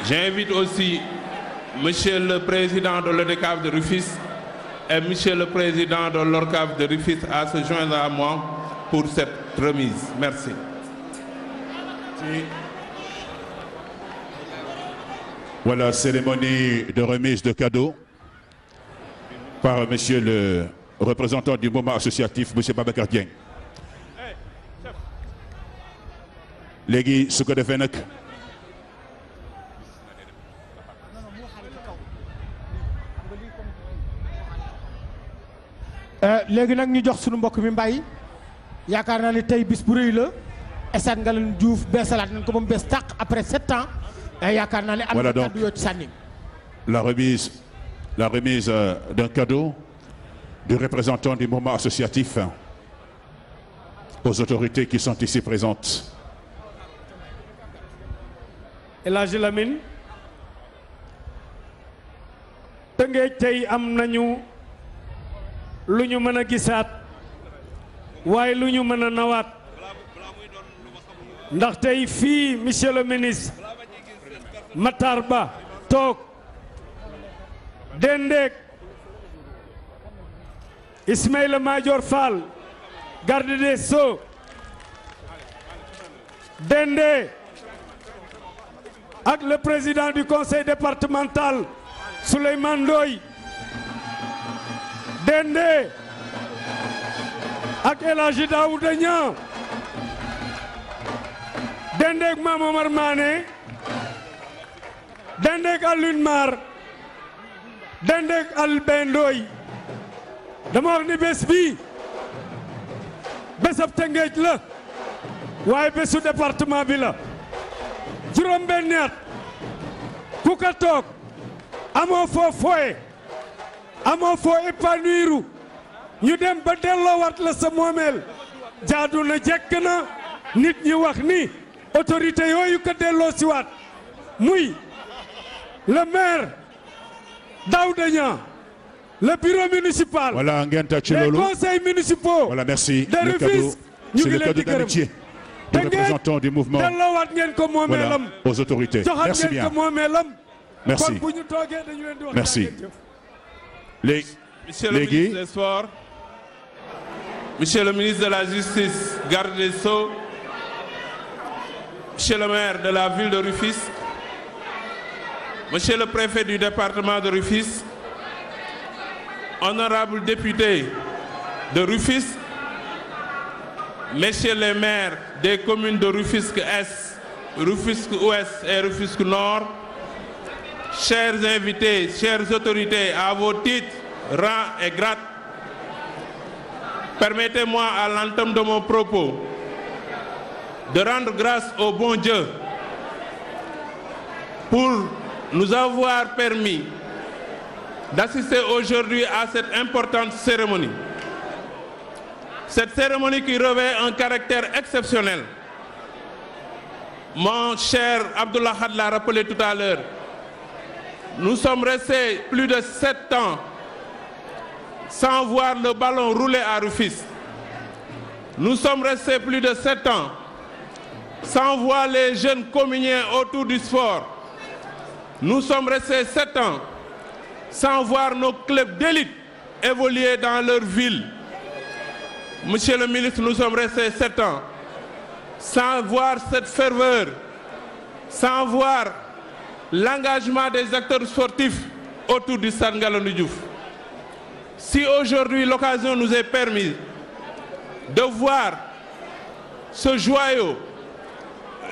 J'invite aussi Monsieur le Président de l'ODECAF de Rufis et Monsieur le Président de l'ORCAF de Rufis à se joindre à moi pour cette remise. Merci. Voilà, cérémonie de remise de cadeaux par Monsieur le représentant du mouvement associatif, Monsieur Babacar Dieng léegi su ko defee nag Euh, léegi nag ñu jox suñu mbokk mi mbay yaakaar naa ne tey bis bu rëy la esaat nga leen Diouf beesalaat nañ ko ba mu bees tàq après sept ans euh, yaakaar naa ni am na kàddu yoo ci sànni. la remise la remise euh, d'un cadeau du représentant du mouvement associatif aux autorités qui sont ici présentes. El Hadj Lamine Tëngéej tey am nañu. lu ñu mën a gisaat waaye lu ñu mën a nawaat ndax tey fii monsieur le ministre Matar Ba toog dendeek Ismaïla Madior Fall garde des Sceaux dende ak le président du conseil départemental Souleymane Ndoye Dende ak El Hadji Daouda Niang Dende ak Mame Dende ak Alioune Mar Dende ak Albin Ndoye dama wax ni bés bii bésab Tëngéej la waaye bésu département bi la juróom-benn ku ka toog amoo amoo foo épanouiru ñu dem ba delloowaat la sa moomeel jaadu na jekk na nit ñi wax ni autorité yooyu ko delloo siwaat muy le maire Daouda Niang le bureau municipal. voilà ngeen ci loolu les conseils municipaux. voilà merci le cadeau c'est le cadeau d'amitié du ngeen ko moomeelam. voilà ngeen ko moomeelam. kon bu ñu toogee dañu leen di wax. merci. léegi monsieur le ministre des sports le ministre de la justice garde des sceaux monsieur le maire de la ville de Rufisque monsieur le préfet du département de Rufisque honorables députés de Rufisque messieurs les maires des communes de Rufisque-Est Rufisque-Ouest et Rufisque-Nord chers invités, chères autorités, à vos titres, rangs et grades, permettez-moi à l'entame de mon propos de rendre grâce au bon Dieu pour nous avoir permis d'assister aujourd'hui à cette importante cérémonie. Cette cérémonie qui revêt un caractère exceptionnel. Mon cher Abdullah l'a rappelé tout à l'heure, Nous sommes restés plus de sept ans sans voir le ballon rouler à Rufisque. Nous sommes restés plus de sept ans sans voir les jeunes communier autour du sport. Nous sommes restés sept ans sans voir nos clubs d'élite évoluer dans leur ville. Monsieur le ministre, nous sommes restés sept ans sans voir cette ferveur, sans voir l'engagement des acteurs sportifs autour du Stade Ngalandou Diouf. Si aujourd'hui l'occasion nous est permise de voir ce joyau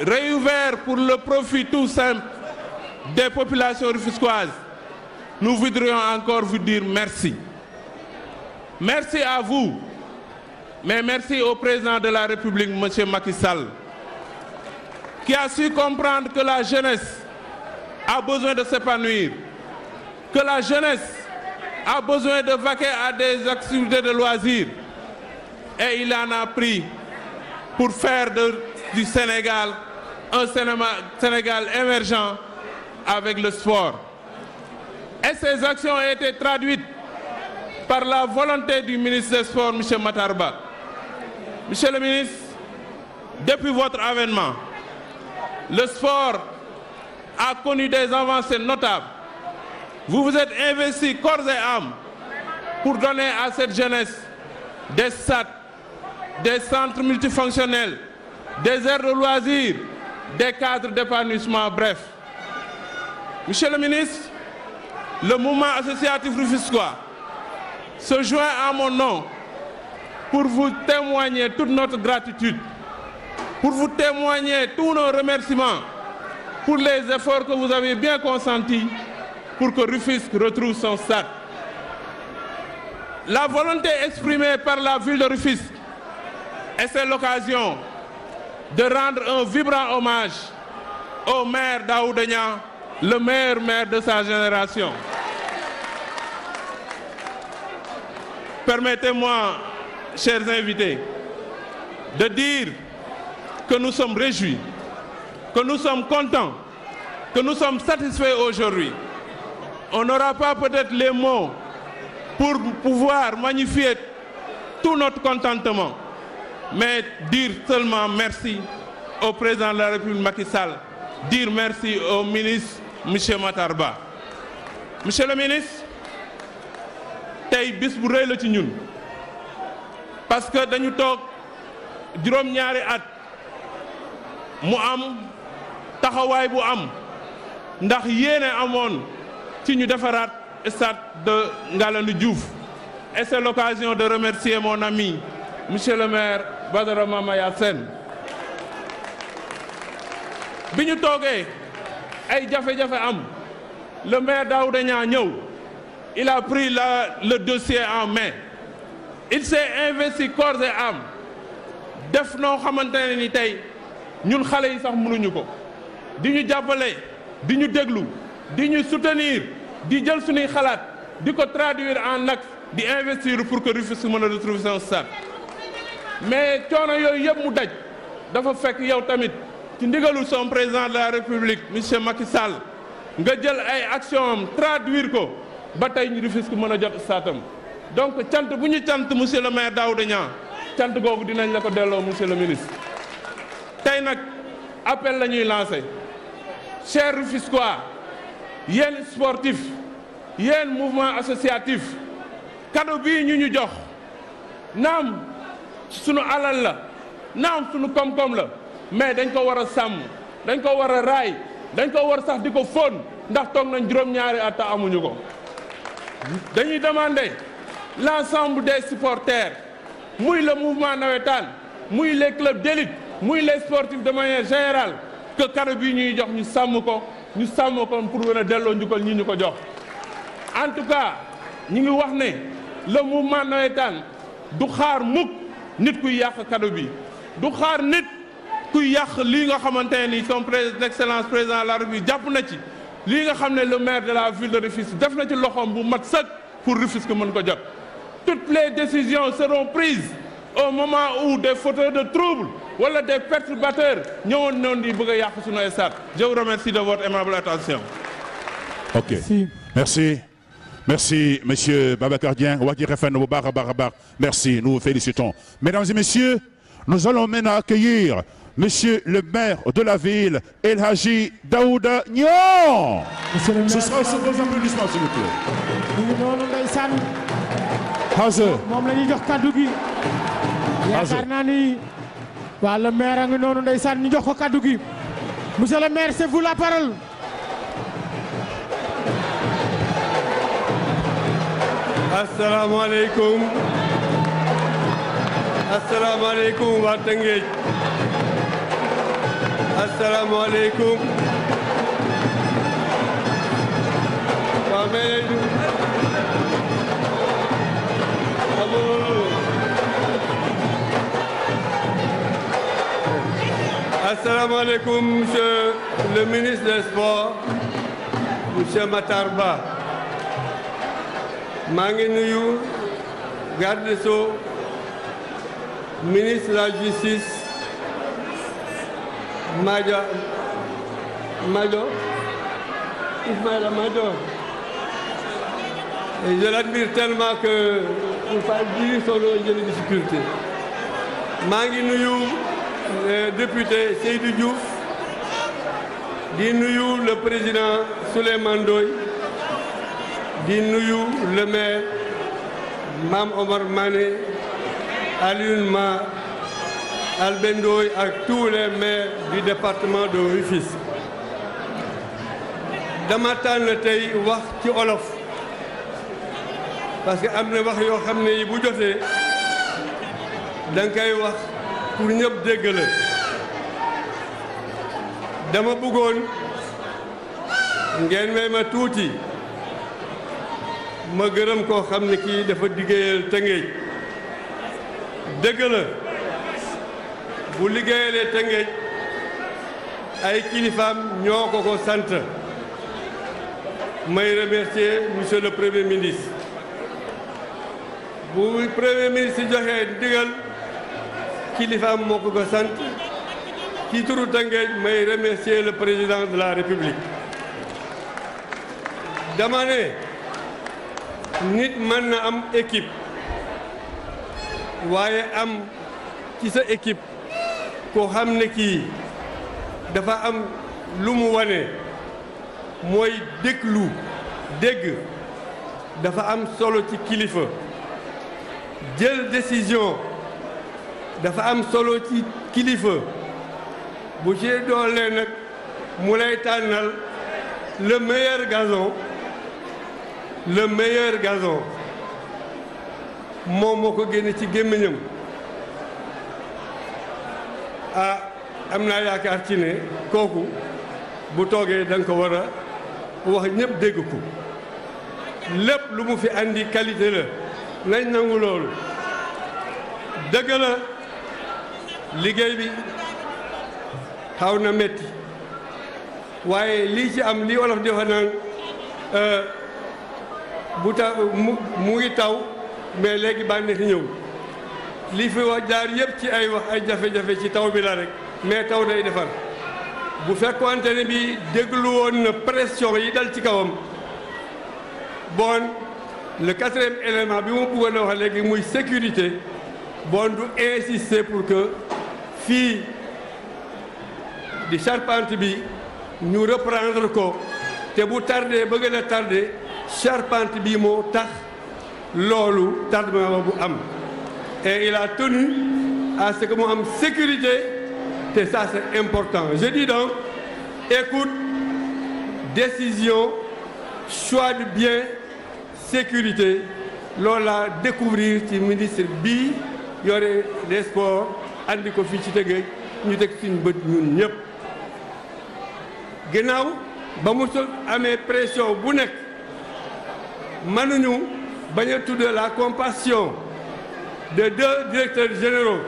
réouvert pour le profit tout simple des populations rufisquoises, nous voudrions encore vous dire merci. Merci à vous, mais merci au président de la République, M. Macky Sall, qui a su comprendre que la jeunesse a besoin de s'épanouir, que la jeunesse a besoin de vaquer à des activités de loisirs. Et il en a pris pour faire de, du Sénégal un cinéma, Sénégal émergent avec le sport. Et ces actions ont été traduites par la volonté du ministre des Sports, M. Matarba. Monsieur le ministre, depuis votre avènement, le sport a connu des avancées notables. Vous vous êtes investis corps et âme pour donner à cette jeunesse des SAT, des centres multifonctionnels, des aires de loisirs, des cadres d'épanouissement, bref. Monsieur le ministre, le mouvement associatif rufiscois se joint à mon nom pour vous témoigner toute notre gratitude, pour vous témoigner tous nos remerciements pour les efforts que vous avez bien consentis pour que Rufisque retrouve son stade. La volonté exprimée par la ville de Rufisque, et c'est l'occasion de rendre un vibrant hommage au maire d'Aoudénia, le meilleur maire de sa génération. Permettez-moi, chers invités, de dire que nous sommes réjouis que nous sommes contents, que nous sommes satisfaits aujourd'hui. On n'aura pas peut-être les mots pour pouvoir magnifier tout notre contentement, mais dire seulement merci au président de la République Macky Sall, dire merci au ministre monsieur Matarba. Monsieur le ministre tey bis bu rëy la ci ñun parce que dañu toog juróom-ñaari at mu am. taxawaay bu am ndax yéene amoon ci ñu defaraat stade de Ngalandou Diouf et c'est l'occasion de remercier mon ami monsieur le maire Badara Mamaya Sène bi ñu toogee ay jafe-jafe am le maire Daouda Niang ñëw il a pris la le dossier en mais il s'est investi corps et âme def noo xamante ne ni tey ñun xale yi sax mënuñu ko di ñu jàppale di ñu déglu di ñu soutenir di jël suñuy xalaat di ko traduire en acte di investir pour que Rufisque mën a retrouver son stade mais coono yooyu yëpp mu daj dafa fekk yow tamit ci ndigalu son président de la république monsieur Macky Sall nga jël ay action am traduire ko ba tey ñu Rufisque mën a jot staatam donc cant bu ñu cant monsieur le maire Daouda cant googu dinañ la ko delloo monsieur le ministre tey nag appel la ñuy lancé chers Rufisquois yenn sportif yenn mouvement associatif cadeau bii ñu ñu jox naam sunu alal la naam sunu koom-koom la mais dañ ko war a sàmm dañ ko war a raay dañ ko war sax di ko fóon ndax toog nañ juróom-ñaari at amuñu ko dañuy demander l'ensemble des supporters muy le mouvement nawetaan muy les clubs d'élite muy les sportifs de manière générale que kado bi ñuy jox ñu sàmm ko ñu sàmm ko pour mën a delloo njukkal ñi ñu ko jox en tout cas ñi ngi wax ne le mouvement tànn du xaar mukk nit kuy yàq kado bi du xaar nit kuy yàq lii nga xamante ne ni son président excellence président la République jàpp na ci lii nga xam ne le maire de la ville de Rufisque def na ci loxoom bu mat sëkk pour Rufisque mën ko jot toutes les décision seront prises au moment où des fauteurs de troubles wala des perturbateurs ñëwoon noonu di bëgg a yàq suñu je vous remercie de votre aimable attention. ok merci monsieur Babacar Dieng wax ji rafet na bu baax a baax baax merci nous vous félicitons mesdames et messieurs nous allons maintenant accueillir monsieur le maire de la ville El Hadji Daouda Niang. monsieur le maire ce sera ce beau applaudissement s'il vous plaît. ñu la ñuy jox kaddu gi. yaakaar waa le maire a ngi noonu ndeysaan ñu jox ko kaddu gi mu le maire c'est vous la parole. asalaamaaleykum asalaamaaleykum waa Tëngéej asalaamaaleykum waa mel. asalaamaaleykum monsieur le ministre des sports monsieur Matar maa ngi nuyu garde des Sceaux ministre de la justice Madio Madio Ismaïla Madior et je l'admire tellement que pour pas dire son nom j'ai des maa ngi nuyu. Euh, député Seydou Diouf di nuyu le président Souleymane Ndoye di nuyu le maire Mame Omar Mané Alioune Ma Albé Ndoye ak tous les maires du département de dama tànn tey wax ci olof parce que am na wax yoo xam ne yi bu jotee danga koy wax pour ñëpp dégg dama bëggoon ngeen may ma tuuti ma gërëm koo xam ne kii dafa liggéeyal Tëngéej dëgg bu liggéeyalee Tëngéej ay kilifaam ñoo ko ko sant may remercier monsieur le premier ministre bu premier ministre joxe ndigal kilifaam moo ko sant ci turu Tëngéej may remercier le président de la république dama ne nit mën na am équipe waaye am ci sa équipe koo xam ne kii dafa am lu mu wane mooy déglu dégg dafa am solo ci kilifa jël décision dafa am solo ci kilifa bu ci doolee nag mu lay tànnal le meilleur gazon le meilleur gazon moom moo ko génne ci gémmiñam ah am naa yaakaar ci ne kooku bu toogee da ko war a wax ñépp dégg ko lépp lu mu fi andi qualité la nañ nangu loolu dëgg liggéey bi xaw na métti waaye lii ci am lii olof di wax naan euh, bu ta mu mu ngi taw mais léegi bànneex ñëw li fi wax jaar yëpp ci ay wax ay jafe-jafe ci taw bi la rek mais taw day defar bu fekkoonte ne bi déglu woon na pression yi dal ci kawam bon le quatrième élément bi mu bëggoon a wax léegi muy sécurité bon du insister pour que fii di charpente bi ñu reprendre ko te bu tardé ba gën a tardé charpente bi moo tax loolu tardement bu am et il a tenu à ce que mu am sécurité te ça c'est important je dis donc écoute décision choix du bien sécurité loolu laa découvrir ci ministre bi yore des sports andi ko fii ci Tëngéej ñu teg suñu bët ñun ñëpp ginnaaw ba mu amee pression bu nekk mënuñu bañ a tudde la compassion de deux directeurs généraux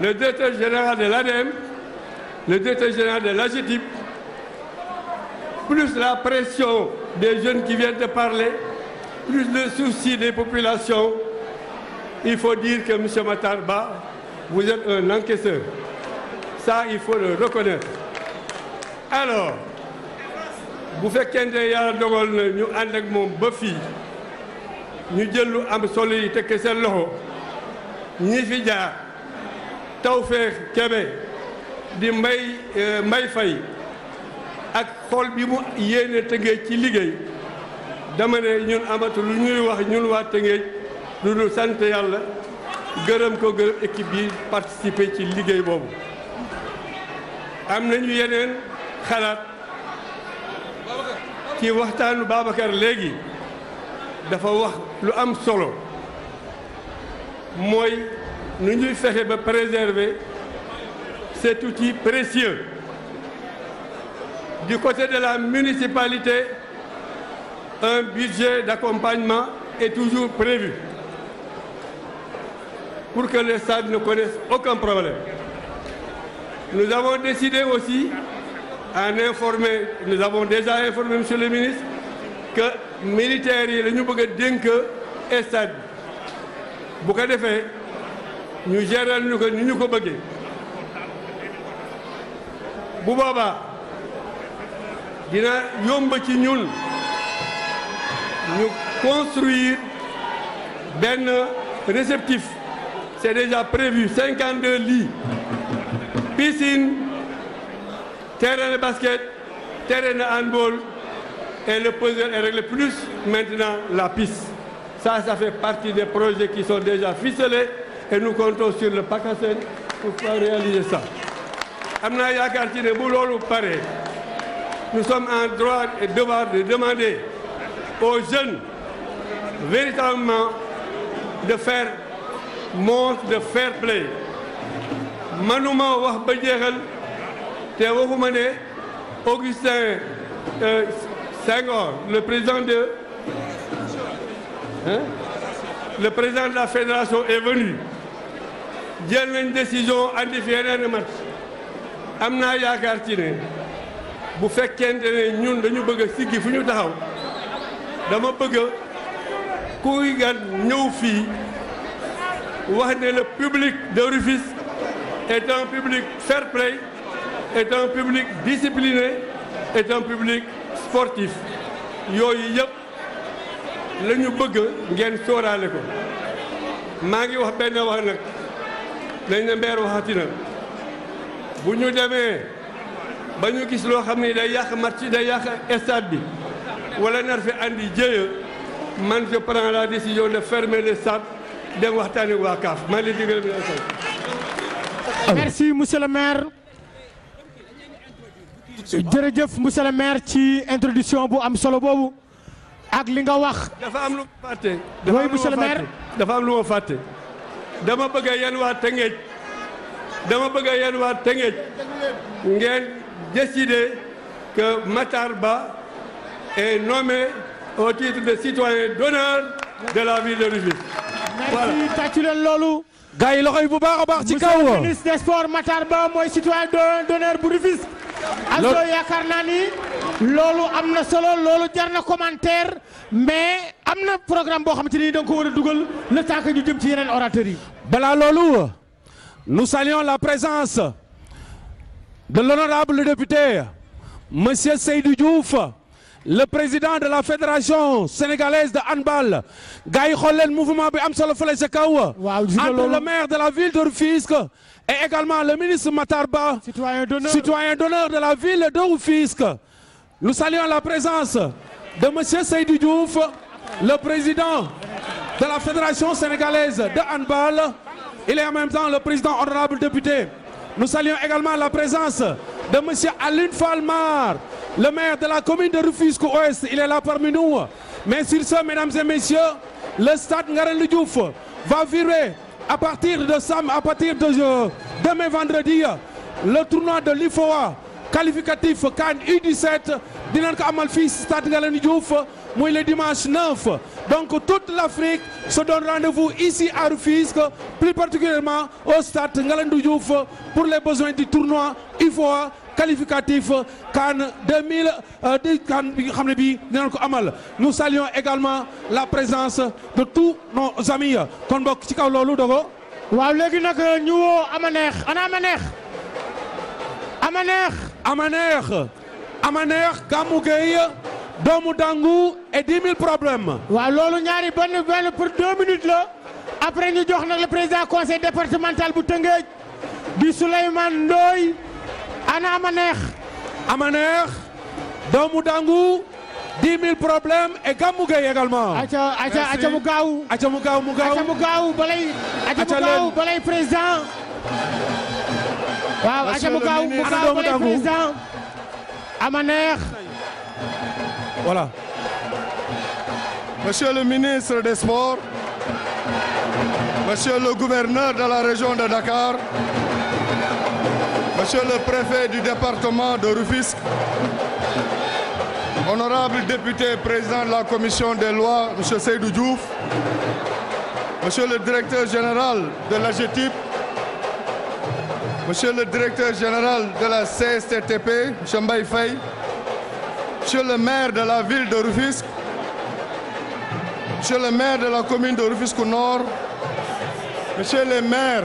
le directeur général de l'ADM le directeur général de l'AGETIP plus la pression des jeunes qui viennent de parler plus le souci des populations il faut dire que monsieur ba vous êtes un encaisseur. Ça, il faut le bu fekkente yàlla dogal na ñu ànd ak moom ba fii ñu jël lu am solo yi tekk seen loxo ñi fi jaar Tawfekh Kébé di mbay euh, mbay fay ak xol bi mu yéene Tëngéej ci liggéey dama ne ñun amatu lu ñuy wax ñun waa Tëngéej lu dul sant yàlla gërëm ko gërëm équipe yi participer ci liggéey boobu am nañu yeneen xalaat ci waxtaanu Babacar léegi dafa wax lu am solo mooy nu ñuy fexe ba préserver cet ci précieux di côté de la municipalité un budget d'accompagnement et toujours prévu pour que les stades ne connaissent aucun problème. Nous avons décidé aussi en informer nous avons déjà informé monsieur le ministre que militaires yi la ñu bëgg a dénk stade bu ko defee ñu géral ñu ko ni ñu ko bëggee bu boobaa dina yomb ci ñun ñu construire benn réceptif c'est déjà prévu 52 lits piscine terrain de basket terrain de handball et le puzzle est réglé plus maintenant la piste ça ça fait partie des projets qui sont déjà ficelés et nous comptons sur le PACASEN pour pouvoir réaliser ça am naa yaakaar ci ne bu loolu nous sommes en droit et devoir de demander aux jeunes véritablement de faire moos de fair play manuma wax ba jeexal te waxuma ne Augustin euh, Senghor le président de le président de la fédération est venu jël nañ décision andi fi yeneen am naa yaakaar ci ne bu fekkente ne ñun dañu bëgg a siggi fu ñu taxaw dama bëgg kuy gan ñëw fii wax ne le public de Rufisque est un public fair play est un public discipliné est un public sportif yooyu yëpp lañu ñu bëgg ngeen sóoraale ko maa ngi wax benn wax nag dañ ne mbeer waxati bu ñu demee ba ñu gis loo xam ne day yàq match day yàq stade bi wala nar fi andi jëye man je prends la décision de fermer le stade dem waxtaanee waa Kaaf merci monsieur maire jërëjëf monsieur ci introduction bu am solo boobu ak li nga wax. dafa am lu ma fàtte. dafa am lu monsieur le dafa am lu ma fàtte. dama bëgg a yéen waa Tëngéej dama bëgg a yéen ngeen décider que Matar Ba est nommé au titre de citoyen d'honneur de la ville de Rufisque. merci tàccu leen loolu. gars yi loxo yi bu baax a baax ci kaw. monsieur le ministre des sports Matar Ba mooy citoyen d'honneur bu Rufisque. ak yaakaar naa ni loolu am na solo loolu jar na commentaire mais am na programme boo xamante ni da nga ko war a dugal le temps que ñu jëm ci yeneen orateurs yi. balaa loolu nous saluons la présence de l'honorable député monsieur Seydou Diouf. le président de la fédération sénégalaise de handball gars yi xool leen mouvement bi am solo fële ca kaw. waaw entre le maire de la ville de Rufisque et également le ministre Matar Ba. citoyen d'honneur citoyen d'honneur de la ville de Rufisque. nous saluons la présence de monsieur Seydou le président de la fédération sénégalaise de handball il est en même temps le président honorable député. Nous saluons également la présence de M. Alun Falmar, le maire de la commune de Rufusco-Ouest. Il est là parmi nous. Mais sur ce, mesdames et messieurs, le stade Ngarel Diouf va virer à partir de Sam, à partir de euh, demain vendredi, le tournoi de l'IFOA qualificatif Cannes U17 dinañ ko amal fii Stade Ngalandou Diouf muy le dimanche 9 donc toute l'Afrique se donne rendez-vous ici à Rufisque plus particulièrement au stade Ngalandou pour les besoins du il fois qualificatif CAN 2000 euh, di CAN bi nga xam ne bii dinañ ko amal nous saluons également la présence de tout nos amis kon bokk ci kaw loolu dogo waaw léegi nag euh, ñu woo Amaneex ana Amaneex Amaneex Amaneex Amaneex Gamou Gueye doomu dangu et 10 000 waa loolu ñaari benn benn pour deux minutes la après ñu jox nag le président conseil départemental bu Tëngéej di Souleymane Ndoye ana Amaneex. Amaneex doomu dangu 10 000 problèmes et Gamou Gueye aca mu gaaw aca mu mu gaaw balay. aca mu gaaw balay président. waaw aca mu gaaw mu gaaw balay président Amaneex. Voilà. Monsieur le ministre des Sports, Monsieur le gouverneur de la région de Dakar, Monsieur le préfet du département de Rufisque, honorable député président de la commission des lois, Monsieur Seydou Diouf, Monsieur le directeur général de l'AGETIP, Monsieur le directeur général de la CSTTP, Mbaye Faye, Monsieur le maire de la ville de Rufisque, Monsieur le maire de la commune de Rufisque Nord, Monsieur les maires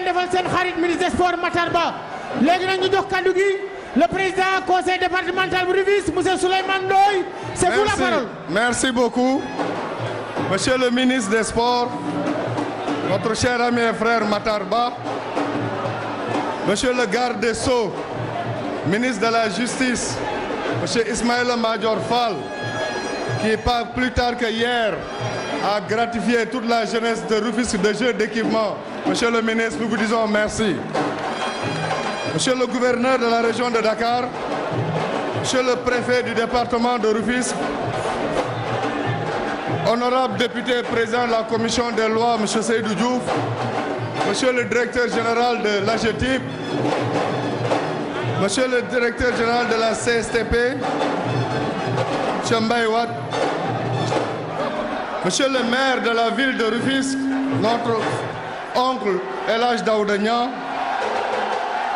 ngeen defal seen xarit ministre des sports Matar Ba léegi nag ñu jox le président conseil départemental bu Rufisque monsieur Souleymane Ndoye c'est vous la parole merci beaucoup monsieur le ministre des sports notre cher ami et frère Matar Ba monsieur le garde des Sceaux ministre de la justice monsieur Ismaïla Madior Fall qui pas plus tard que hier a gratifié toute la jeunesse de Rufisque de jeux d'équipement Monsieur le ministre, nous vous disons merci. Monsieur le gouverneur de la région de Dakar, Monsieur le préfet du département de Rufisque, honorable député président de la commission des lois, Monsieur Seydou Diouf, Monsieur le directeur général de l'AGETIP, Monsieur le directeur général de la CSTP, Monsieur Mbaye Monsieur le maire de la ville de Rufisque, notre oncle El Hadj Daouda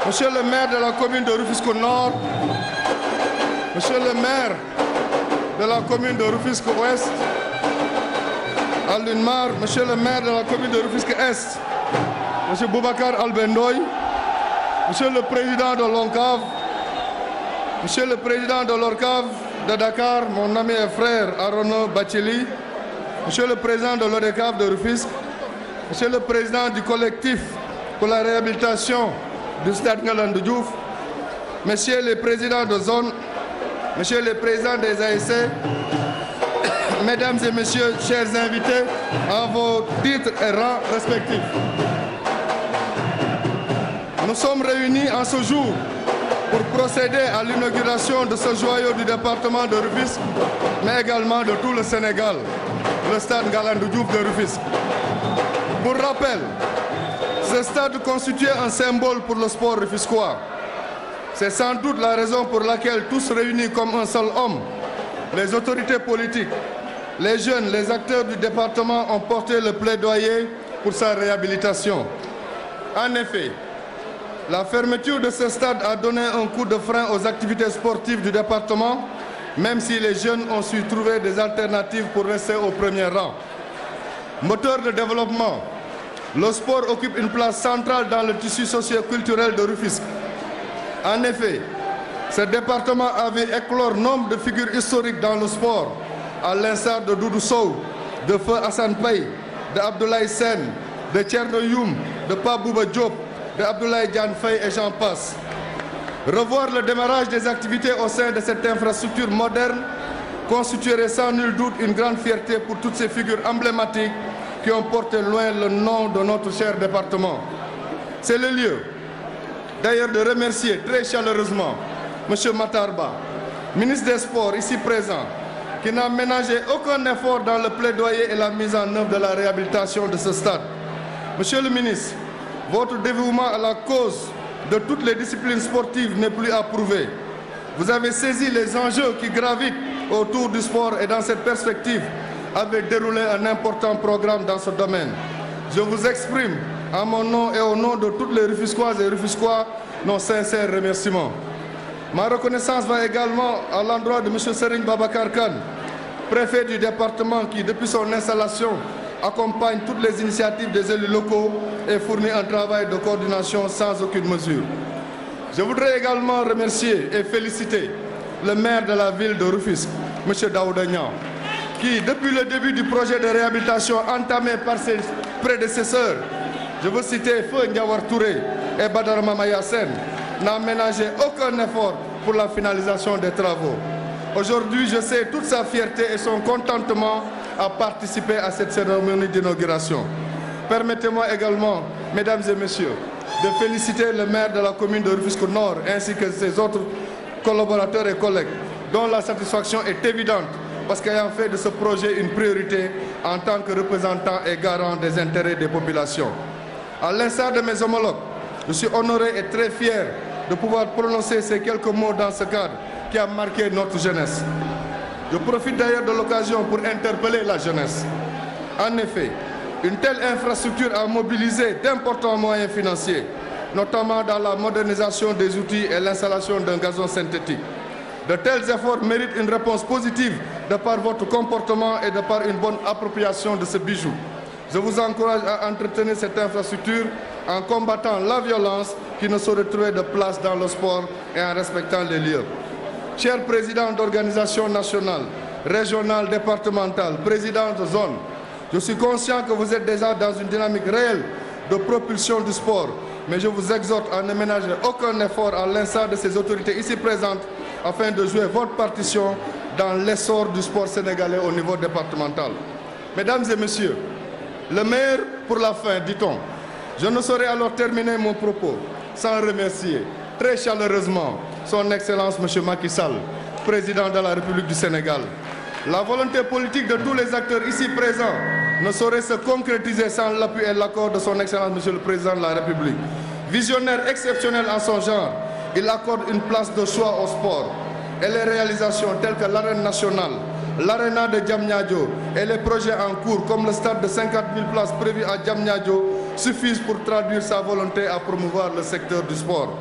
monsieur le maire de la commune de Rufisque Nord monsieur le maire de la commune de Rufisque Ouest Alioune Mar monsieur le maire de la commune de Rufisque Est monsieur Boubacar Albert Ndoye monsieur le président de l'ONCAV monsieur le président de l'ORCAV de Dakar mon ami et frère Arono Bathily monsieur le président de l'ODCAV de Rufisque Monsieur le Président du collectif pour la réhabilitation du stade Ngalandou Monsieur le Président de zone, Monsieur le Président des ASC, [COUGHS] Mesdames et Messieurs, chers invités, en vos titres et rangs respectifs. Nous sommes réunis en ce jour pour procéder à l'inauguration de ce joyau du département de Rufisque, mais également de tout le Sénégal, le stade Galandou de Rufisque. Pour rappel, ce stade constituait un symbole pour le sport rufiscois. C'est sans doute la raison pour laquelle tous réunis comme un seul homme, les autorités politiques, les jeunes, les acteurs du département ont porté le plaidoyer pour sa réhabilitation. En effet, la fermeture de ce stade a donné un coup de frein aux activités sportives du département, même si les jeunes ont su trouver des alternatives pour rester au premier rang. Moteur de développement, Le sport occupe une place centrale dans le tissu socio-culturel de Rufisque. En effet, ce département avait éclore nombre de figures historiques dans le sport, à l'instar de Doudou Sow, de Feu Hassan Paye, de Abdoulaye Sen, de Tcherno Youm, de Pabouba Diop, de Abdoulaye Diane Faye et j'en passe. Revoir le démarrage des activités au sein de cette infrastructure moderne constituerait sans doute une grande fierté pour toutes ces figures emblématiques qui ont porté loin le nom de notre cher département. C'est le lieu d'ailleurs de remercier très chaleureusement M. Matarba, ministre des Sports ici présent, qui n'a ménagé aucun effort dans le plaidoyer et la mise en œuvre de la réhabilitation de ce stade. Monsieur le ministre, votre dévouement à la cause de toutes les disciplines sportives n'est plus à prouver. Vous avez saisi les enjeux qui gravitent autour du sport et dans cette perspective, avait déroulé un important programme dans ce domaine. Je vous exprime, à mon nom et au nom de toutes les Rufusquoises et Rufusquois, nos sincères remerciements. Ma reconnaissance va également à l'endroit de M. Serigne Babacar Kane, préfet du département qui, depuis son installation, accompagne toutes les initiatives des élus locaux et fournit un travail de coordination sans aucune mesure. Je voudrais également remercier et féliciter le maire de la ville de Rufisque, M. Daouda Niang. qui, depuis le début du projet de réhabilitation entamé par ses prédécesseurs, je veux citer Feu Ndiawar Touré et Badar Mamaya Sen, n'a ménagé aucun effort pour la finalisation des travaux. Aujourd'hui, je sais toute sa fierté et son contentement à participer à cette cérémonie d'inauguration. Permettez-moi également, mesdames et messieurs, de féliciter le maire de la commune de Rufusco Nord ainsi que ses autres collaborateurs et collègues, dont la satisfaction est parce qu'ayant fait de ce projet une priorité en tant que représentant et garant des intérêts des populations. À l'instar de mes homologues, je suis honoré et très fier de pouvoir prononcer ces quelques mots dans ce cadre qui a marqué notre jeunesse. Je profite d'ailleurs de l'occasion pour interpeller la jeunesse. En effet, une telle infrastructure a mobilisé d'importants moyens financiers, notamment dans la modernisation des outils et l'installation d'un gazon synthétique. De tels efforts méritent une de par votre comportement et de par une bonne appropriation de ce bijou. Je vous encourage à entretenir cette infrastructure en combattant la violence qui ne saurait trouver de place dans le sport et en respectant les lieux. Chers présidents d'organisations nationales, régionales, départementales, présidents de zones, je suis conscient que vous êtes déjà dans une dynamique réelle de propulsion du sport, mais je vous exhorte à ne ménager aucun effort à l'instar de ces autorités ici dans l'essor du sport sénégalais au niveau départemental. Mesdames et messieurs, le maire pour la fin, dit-on. Je ne saurais alors terminer mon propos sans remercier très chaleureusement son Excellence Monsieur Macky Sall, président de la République du Sénégal. La volonté politique de tous les acteurs ici présents ne saurait se concrétiser sans l'appui et l'accord de son Excellence Monsieur le Président de la République. Visionnaire exceptionnel en son genre, il accorde une place de choix au sport et les réalisations telles que l'arène nationale, l'aréna de Diamniadio et les projets en cours comme le stade de 50 000 places prévu à Diamniadio suffisent pour traduire sa volonté à promouvoir le secteur du sport.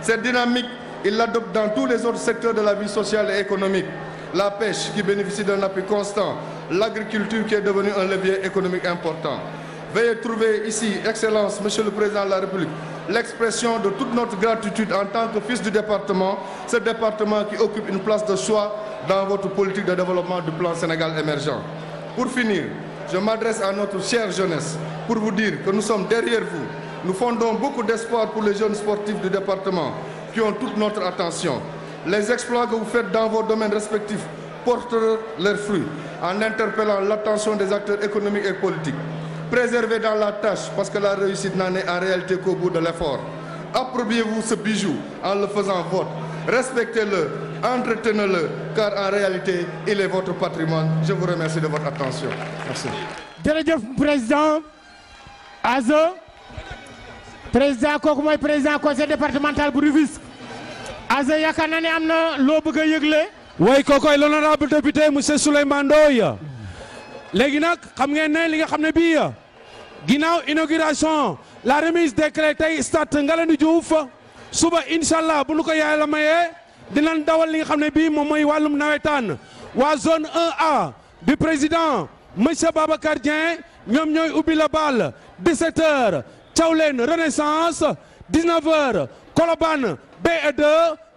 Cette dynamique, il l'adopte dans tous les autres secteurs de la vie sociale et économique. La pêche qui bénéficie d'un appui constant, l'agriculture qui est devenue un levier économique important. Veuillez trouver ici, Excellence, Monsieur le Président de la République, l'expression de toute notre gratitude en tant que fils du département, ce département qui occupe une place de choix dans votre politique de développement du plan Sénégal émergent. Pour finir, je m'adresse à notre chère jeunesse pour vous dire que nous sommes derrière vous. Nous fondons beaucoup d'espoir pour les jeunes sportifs du département qui ont toute notre attention. Les exploits que vous faites dans vos domaines respectifs portent leurs fruits en et politiques. Préservez dans la tâche parce que la réussite n'en est en réalité qu'au bout de l'effort. Appropriez-vous ce bijou en le faisant vôtre. Respectez-le, entretenez-le, car en réalité, il est votre patrimoine. Je vous remercie de votre attention. Merci. jërëjëf président Azo président kooku mooy président conseil départemental bu Rufisque Azo yaakaar naa ne am na loo bëgg a yëgle. way kookoy l'honorable député monsieur Souleymane Ndoye léegi nag xam ngeen ne li nga xam ne bii ginnaaw inauguration la remise des clés tey stade Ngalandou Diouf suba incha allah bu nu ko yàlla mayee dinañ dawal li nga xam ne bii moom mooy wàllum nawetaan waa zone 1A du président monsieur Babacar Dieng ñoom ñooy ubbi la balle 17h Thiawlène Renaissance 19h Colobane BE2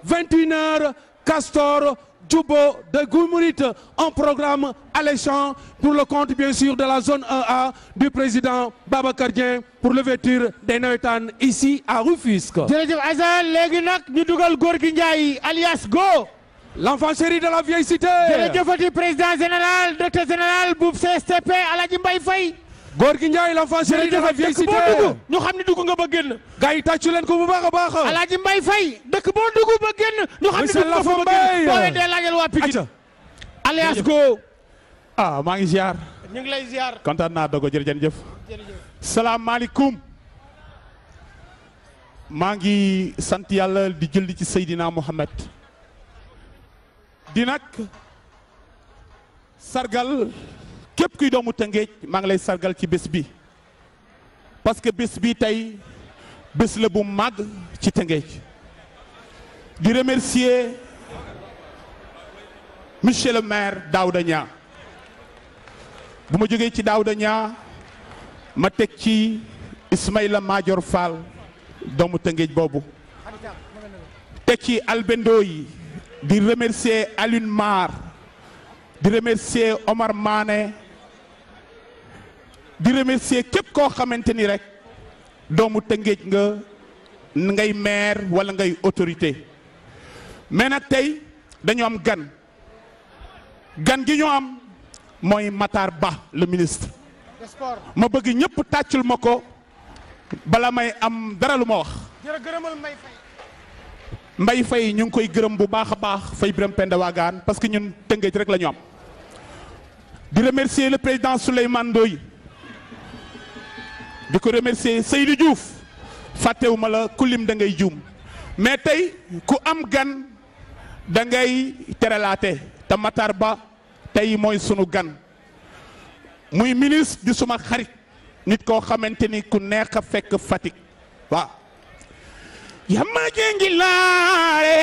21h Castor. Djoubo de Goumourit, un programme alléchant pour le compte bien sûr de la zone 1A e du président Babacardien pour l'ouverture des Navétanes ici à Rufisque. jërëjëf Azal léegi nag ñu dugal Gorgui Ndiaye alias Go. l'enfant chéri de la vieille cité. jërëjëfati président général directeur général bu CSTP Aladji Mbaye Faye. góor gi Ndiaye l'enfant chéri boo dugg ñu xam ne dugg nga ba génn gars yi tàccu leen ko bu baax a baax alaaji Mbaye dëkk boo dugg ba génn ñu xam ne dugg nga fa ba génn boowee dee laajal waa Pikine alias go ah, maa ngi ziar ñu ngi lay ziar kontaan naa dogo jërëjëf salaamaaleykum maa ngi sant yàlla di julli ci Seydina Mohamed di nag sargal képp kuy doomu Tëngéej maa ngi lay sargal ci bés bi parce que bés bi tey bés la bu màgg ci Tëngéej di remercier monsieur le maire Daouda Niang bu ma jógee ci Daouda Niang ma teg ci Ismaïla Madior Fall doomu Tëngéej boobu teg ci albendo yi di remercier Alioune Mar di remercier Omar Mané di remercier képp koo xamante ni rek doomu Tëngéej nga ngay maire wala ngay autorité mais nag tey dañu am gan gan gi ñu am mooy Matar Ba le ministre ma bëgg ñëpp tàccul ma ko bala may am dara lu ma wax mbay fay ñu ngi koy gërëm bu baax a baax Faye Birame Penda Wagaan parce que ñun Tëngéej rek la ñu am di remercier le président Souleymane Ndoye di ko remercier Seydou Diouf fàttewuma la ku lim da ngay juum mais tey ku am gan da ngay teralaate te Matar Ba tey mooy sunu gan muy ministre di suma xarit nit koo xamante ni ku neex a fekk Fatick waaw yamma jengi laare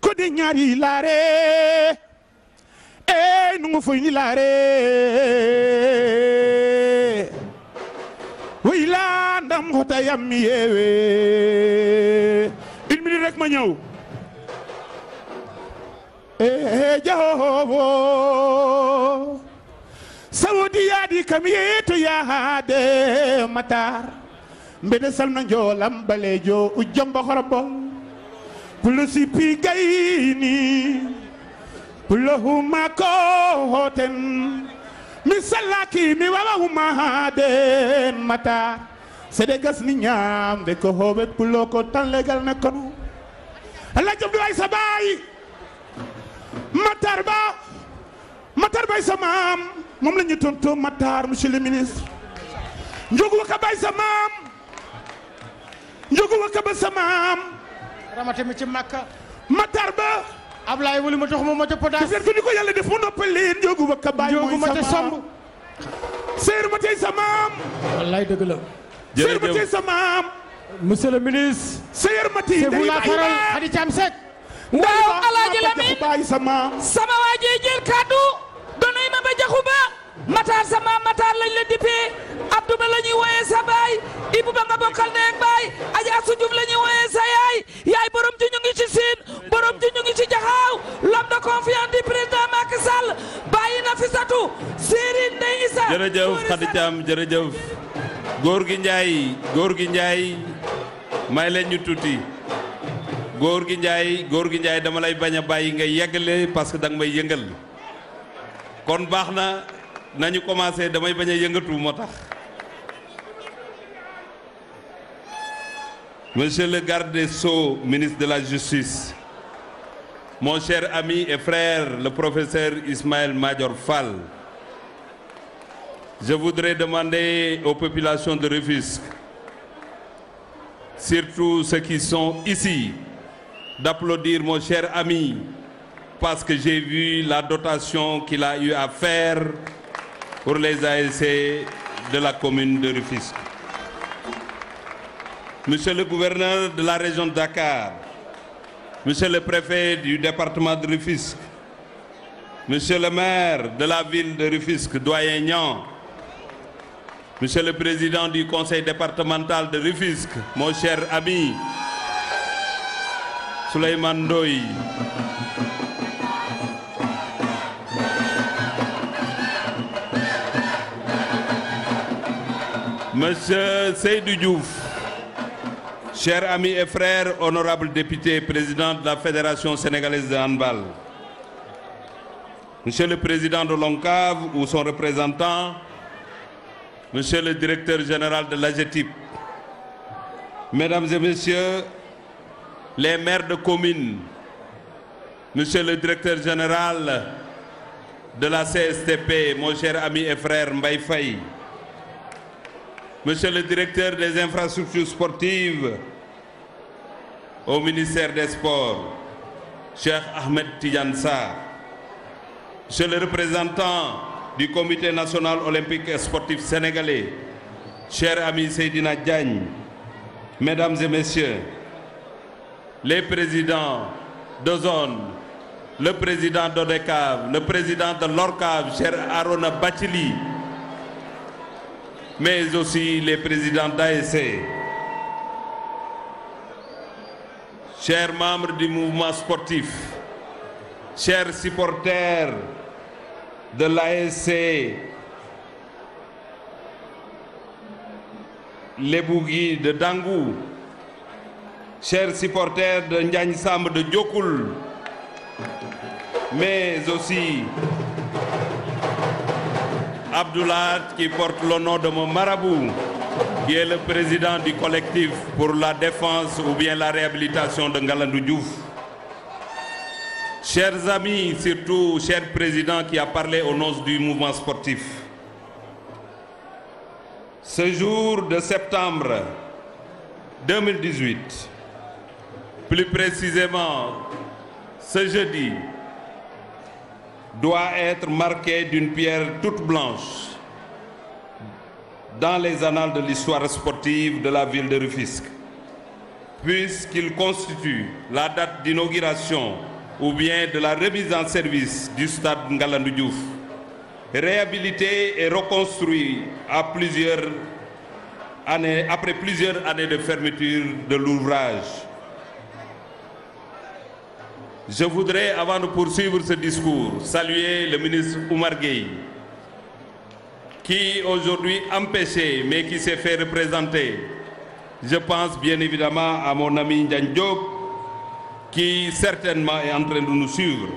ko di ñaari laare nugu foynilare wayla ndam xota yam yewe une minute rek ma ñëw e eh, eh, jahowo sawodi yaadi kam yeeto yahaade matar mbede salna njoolam balejo ujjomba horobol pulusi pi gayni كلهما كوت مسلاكي مي وما هادن متى سدغس ني نيام ديكو هوبت بلوكو تان لغال نكونو الله جبدو اي سباي ماتار با ماتار باي سمام موم لا ني تونتو ماتار مسيو لي مينيستر نجوغو كا باي سمام نجوغو كا با سمام راماتي مي مكه ماتار با Ablaye wuli ma taxuma ma ca potaas. gis ngeen ko yàlla def mu noppal leen njóogu ma ka sama njóogu ma ma tey sa maam. wallaay dëgg la. jërëjëf seer ma tey sa maam. monsieur le ministre. seer ma tey day bàyyi ma c'est sama waa ji jël kaddu. donoy ma ba jaxu ba. Matar sama Matar lañ la dippee Abdou Ba la ñuy sa baay Ibou Ba nga bokkal ne baay Adja Assou Diouf la sa yaay yaay borom ju ñu ngi ci Sine borom ju ñu ngi ci Jaxaaw l'homme de confiance président Macky Sall bàyyi na fi satu Serigne Ndeye jërëjëf Khady Thiam jërëjëf góor gi Ndiaye góor gi Ndiaye may leen ñu tuuti góor gi njaay góor gi njaay dama lay bañ a bàyyi nga yeggale parce que danga may yëngal kon baax na. nañu commencé damay bañ a yëngatu moo tax monsieur le garde des sceaux ministre de la justice mon cher ami et frère le professeur Ismaël Madior Fall je voudrais demander aux populations de Rufisque surtout ceux qui sont ici d'applaudir mon cher ami parce que j'ai vu la dotation qu'il a eu à faire pour les ASC de la commune de Rufisque. Monsieur le gouverneur de la région de Dakar, Monsieur le préfet du département de Rufisque, Monsieur le maire de la ville de Rufisque, doyen Nian, Monsieur le président du conseil départemental de Rufisque, mon cher ami Souleymane Ndoye Monsieur Seydou Diouf, chers amis et frères, honorables députés, président de la Fédération sénégalaise de handball, Monsieur le président de l'ONCAV ou son représentant, Monsieur le directeur général de l'AGETIP, Mesdames et Messieurs, les maires de commune Monsieur le directeur général de la CSTP, mon cher ami et frère Mbaye Monsieur le directeur des infrastructures sportives au ministère des Sports, Cheikh Ahmed Tidjansa, Monsieur le représentant du Comité national olympique et sportif sénégalais, cher ami Seydina Diagne, Mesdames et Messieurs, les présidents de zone, le président d'ODECAV, le président de l'ORCAV, cher Arona Batili, mais aussi les présidents d'ASC. Chers membres du mouvement sportif, chers supporters de l'ASC, les Bouguis de Dangou, chers supporters de Ndiagne Samb de Diokoul, mais aussi Abdoulade qui porte le nom de mon marabout, qui est le président du collectif pour la défense ou bien la réhabilitation de Ngalandou Diouf. Chers amis, surtout cher président qui a parlé au nom du mouvement sportif, ce jour de septembre 2018, plus précisément ce jeudi doit être marqué d'une pierre toute blanche dans les annales de l'histoire sportive de la ville de Rufisque, puisqu'il constitue la date d'inauguration ou bien de la remise en service du stade Ngalandou Diouf, réhabilité et reconstruit à plusieurs années, après plusieurs années de fermeture de l'ouvrage Je voudrais, avant de poursuivre ce discours, saluer le ministre Oumar Gueye, qui aujourd'hui empêché, mais qui s'est fait représenter. Je pense bien évidemment à mon ami Ndian Diop, qui certainement est en train de nous suivre.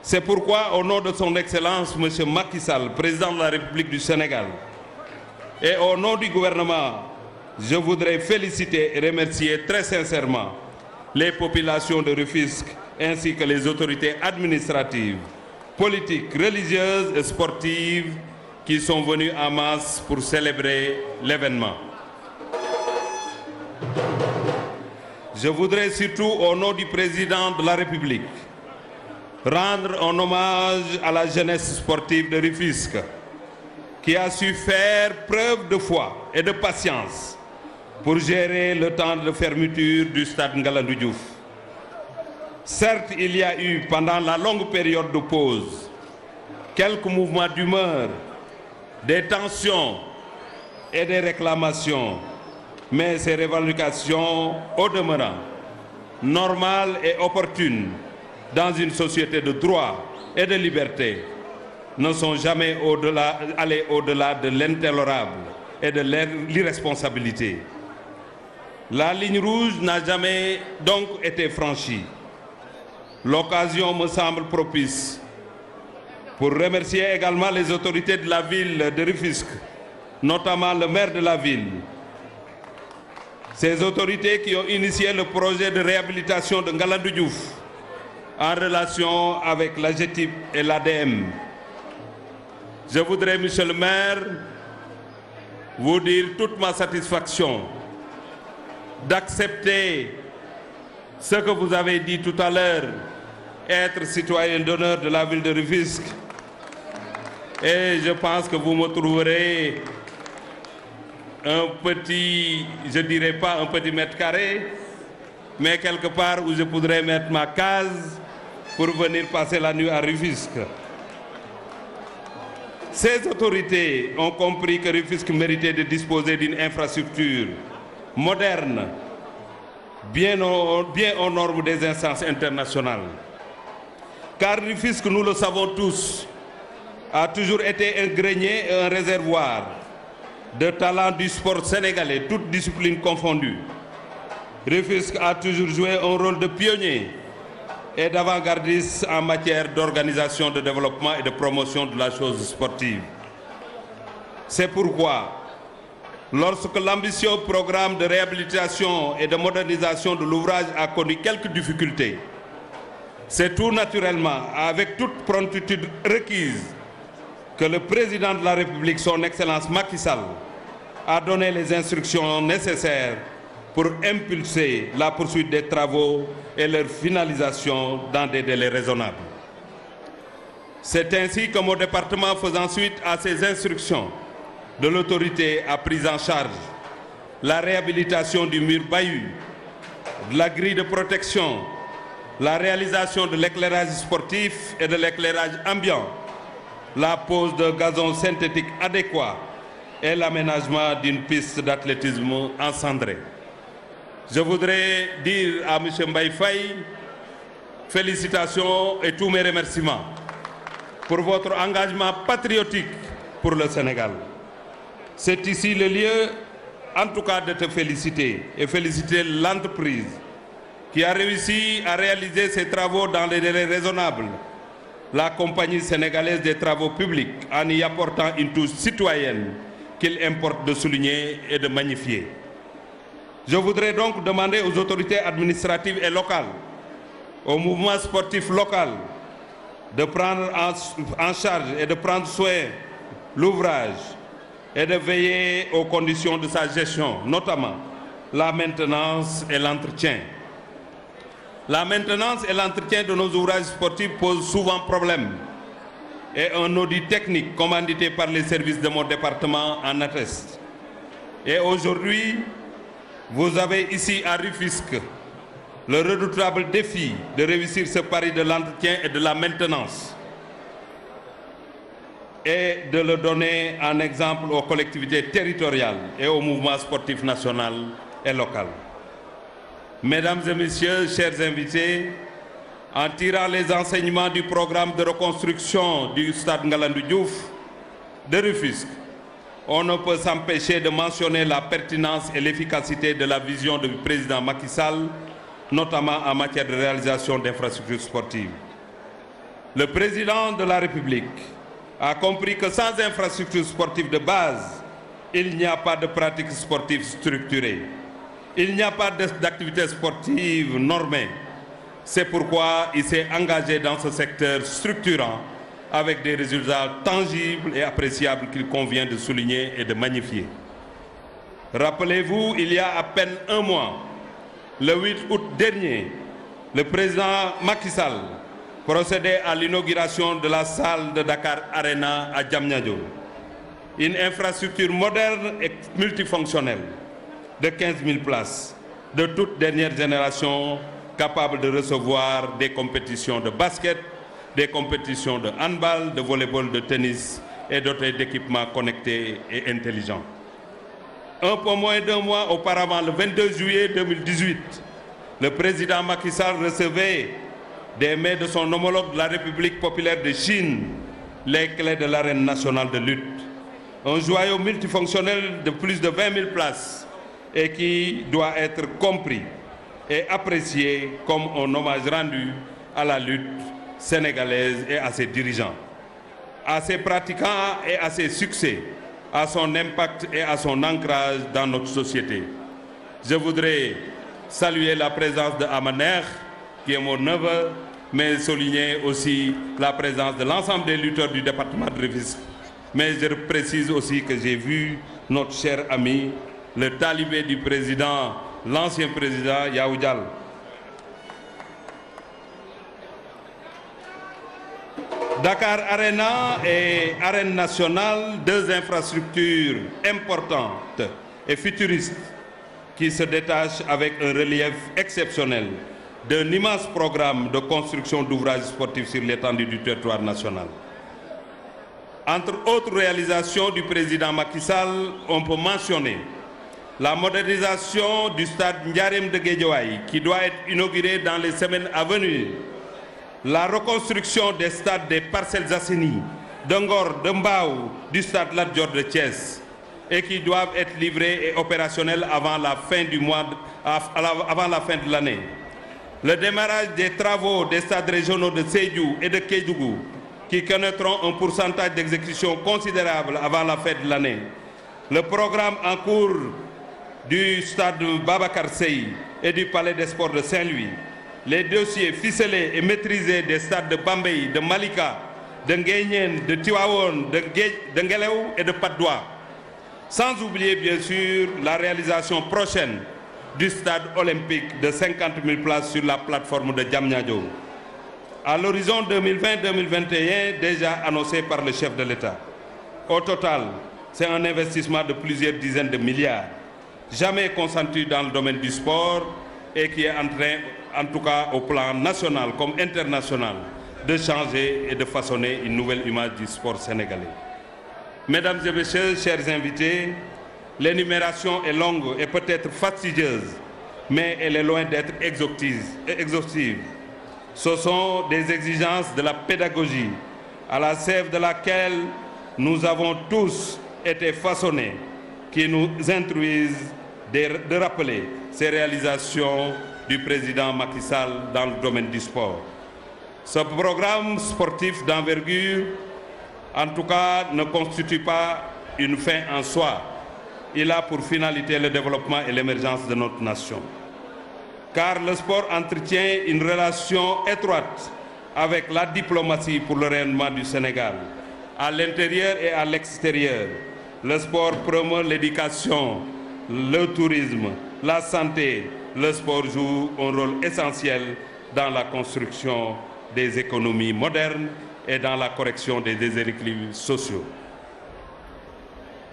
C'est pourquoi, au nom de son Excellence, M. Macky Sall, président de la République du Sénégal, et au nom du gouvernement, je voudrais féliciter et remercier très sincèrement les populations de Rufisque ainsi que les autorités administratives, politiques, religieuses et sportives qui sont venues en masse pour célébrer l'événement. Je voudrais surtout, au nom du président de la République, rendre un hommage à la jeunesse sportive de Rufisque, qui a su faire preuve de foi et de patience pour gérer le temps de fermeture du stade Ngalandou Diouf. Certes, il y a eu, pendant la longue période de pause, quelques mouvements d'humeur, des tensions et des réclamations, mais ces revendications, au demeurant, normales et opportunes dans une société de droit et de liberté, ne sont jamais au -delà, allées au-delà de l'intolérable et de l'irresponsabilité. La ligne rouge n'a jamais donc été franchie. L'occasion me semble propice pour remercier également les autorités de la ville de Rufisque, notamment le maire de la ville. Ces autorités qui ont initié le projet de réhabilitation de Ngalandou Diouf en relation avec l'AGETIP et l'ADM. Je voudrais, monsieur le maire, vous dire toute ma satisfaction d'accepter ce que vous avez dit tout à l'heure, être citoyen d'honneur de la ville de Rufisque. Et je pense que vous me trouverez un petit, je dirais pas un mètre carré, mais quelque part où je pourrais mettre ma case pour venir passer la nuit à Rufisque. Ces autorités ont compris que Rufisque méritait de disposer d'une infrastructure moderne, bien, au, bien aux normes des instances internationales. Car Rufisque, nous le savons tous, a toujours été un grenier et un réservoir de talents du sport sénégalais, toutes disciplines confondues. Rufisque a toujours joué un rôle de pionnier et d'avant-gardiste en matière d'organisation, de développement et de promotion de la chose sportive. C'est pourquoi Lorsque l'ambitieux programme de réhabilitation et de modernisation de l'ouvrage a connu quelques difficultés, c'est tout naturellement, avec toute promptitude requise, que le président de la République, son Excellence Macky Sall, a donné les instructions nécessaires pour impulser la poursuite des travaux et leur finalisation dans des délais raisonnables. C'est ainsi que mon département faisant suite à ces instructions de l'autorité a pris en charge la réhabilitation du mur Bayou, de la grille de protection, la réalisation de l'éclairage sportif et de l'éclairage ambiant, la pose de gazon synthétique adéquat et l'aménagement d'une piste d'athlétisme encendrée. Je voudrais dire à M. Mbaye Faye félicitations et tous mes remerciements pour votre engagement patriotique pour le Sénégal. C'est ici le lieu, en tout cas, de te féliciter et féliciter l'entreprise qui a réussi à réaliser ses travaux dans des délais raisonnables. La compagnie sénégalaise des travaux publics, en y apportant une touche citoyenne qu'il importe de souligner et de magnifier. Je voudrais donc demander aux autorités administratives et locales, au mouvement sportif local, de prendre en charge et de prendre soin l'ouvrage et de veiller aux conditions de sa gestion, notamment la maintenance et l'entretien. La maintenance et l'entretien de nos ouvrages sportifs posent souvent problème et un audit technique commandité par les services de mon département en atteste. Et aujourd'hui, vous avez ici à Rufisque le redoutable défi de réussir ce pari de l'entretien et de la maintenance et de le donner en exemple aux collectivités territoriales et au mouvement sportif national et local. Mesdames et messieurs, chers invités, en tirant les enseignements du programme de reconstruction du stade Ngalandou Diouf de Rufisque, on ne peut s'empêcher de mentionner la pertinence et l'efficacité de la vision du président Macky Sall, notamment en matière de réalisation d'infrastructures sportives. Le président de la République à compris que sans infrastructure sportive de base, il n'y a pas de pratique sportive structurée. Il n'y a pas d'activité sportive normée. C'est pourquoi il s'est engagé dans ce secteur structurant avec des résultats tangibles et appréciables qu'il convient de souligner et de magnifier. Rappelez-vous, il y a à peine un mois, le 8 août dernier, le président Macky procéder à l'inauguration de la salle de Dakar Arena à Diamniadio, une infrastructure moderne et multifonctionnelle de 15 000 places de toute dernière génération capable de recevoir des compétitions de basket, des compétitions de handball, de volleyball, de tennis et d'autres équipements connectés et intelligents. Un peu moins d'un mois auparavant, le 22 juillet 2018, le président Macky des mains de son homologue de la République populaire de Chine les clés de l'arène nationale de lutte. Un joyau multifonctionnel de plus de 20 000 places et qui doit être compris et apprécié comme un hommage rendu à la lutte sénégalaise et à ses dirigeants, à ses pratiquants et à ses succès, à son impact et à son ancrage dans notre société. Je voudrais saluer la présence de Amaner, qui est mon neveu, mais souligner aussi la présence de l'ensemble des lutteurs du département de Rufisque. Mais je précise aussi que j'ai vu notre cher ami, le talibé du président, l'ancien président Yaoudjal. Dakar Arena et Arène Nationale, deux infrastructures importantes et futuristes qui se détachent avec un relief exceptionnel. d'un immense programme de construction d'ouvrages sportifs sur l'étendue du territoire national. Entre autres réalisations du président Macky Sall, on peut mentionner la modernisation du stade Ndiarem de Guédiouaï qui doit être inauguré dans les semaines à venir, la reconstruction des stades des parcelles assainies, d'Angor, de Mbao, du stade Latjor de Thiès et qui doivent être livrés et opérationnels avant la fin du mois de, avant la fin de l'année le démarrage des travaux des stades régionaux de Sédhiou et de Kédougou, qui connaîtront un pourcentage d'exécution considérable avant la fin de l'année. Le programme en cours du stade Babacar Sey et du Palais des de Saint-Louis. Les dossiers ficelés et maîtrisés des stades de Bambay, de Malika, de Nguyen, de Tiwawon, de, Gé... et de Padoua. Sans oublier bien sûr la réalisation prochaine du stade olympique de 50 000 places sur la plateforme de Diamniadio. À l'horizon 2020-2021, déjà annoncé par le chef de l'État. Au total, c'est un investissement de plusieurs dizaines de milliards, jamais consenti dans le domaine du sport et qui est en en tout cas au plan national comme international, de changer et de façonner une nouvelle image du sport sénégalais. Mesdames et messieurs, chers invités, L'énumération est longue et peut-être fastidieuse, mais elle est loin d'être exhaustive. Ce sont des exigences de la pédagogie, à la sève de laquelle nous avons tous été façonnés, qui nous instruisent de rappeler ces réalisations du président Macky Sall dans le domaine du sport. Ce programme sportif d'envergure, en tout cas, ne constitue pas une fin en soi, il a pour finalité le développement et l'émergence de notre nation. Car le sport entretient une relation étroite avec la diplomatie pour le rayonnement du Sénégal. À l'intérieur et à l'extérieur, le sport promeut l'éducation, le tourisme, la santé. Le sport joue un rôle essentiel dans la construction des économies modernes et dans la correction des déséquilibres sociaux.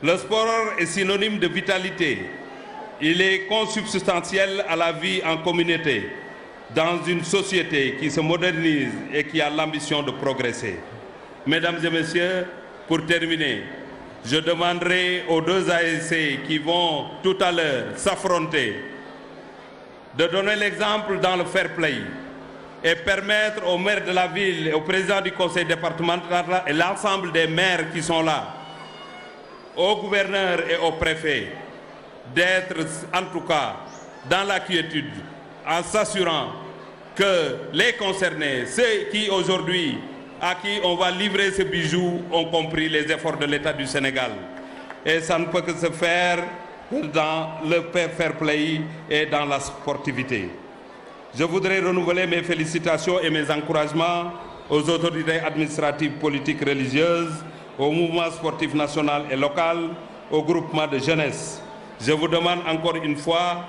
Le sporor est synonyme de vitalité. Il est consubstantiel à la vie en communauté, dans une société qui se modernise et qui a l'ambition de progresser. Mesdames et messieurs, pour terminer, je demanderai aux deux ASC qui vont tout à l'heure s'affronter de donner l'exemple dans le fair play et permettre au maire de la ville, au président du conseil départemental et l'ensemble des maires qui sont là au gouverneur et au préfet d'être en tout cas dans la quiétude en s'assurant que les concernés, ceux qui aujourd'hui à qui on va livrer ce bijou, ont compris les efforts de l'État du Sénégal. Et ça ne peut que se faire dans le fair play et dans la sportivité. Je voudrais renouveler mes félicitations et mes encouragements aux autorités administratives, politiques, religieuses au mouvement sportif national et local, au groupement de jeunesse. Je vous demande encore une fois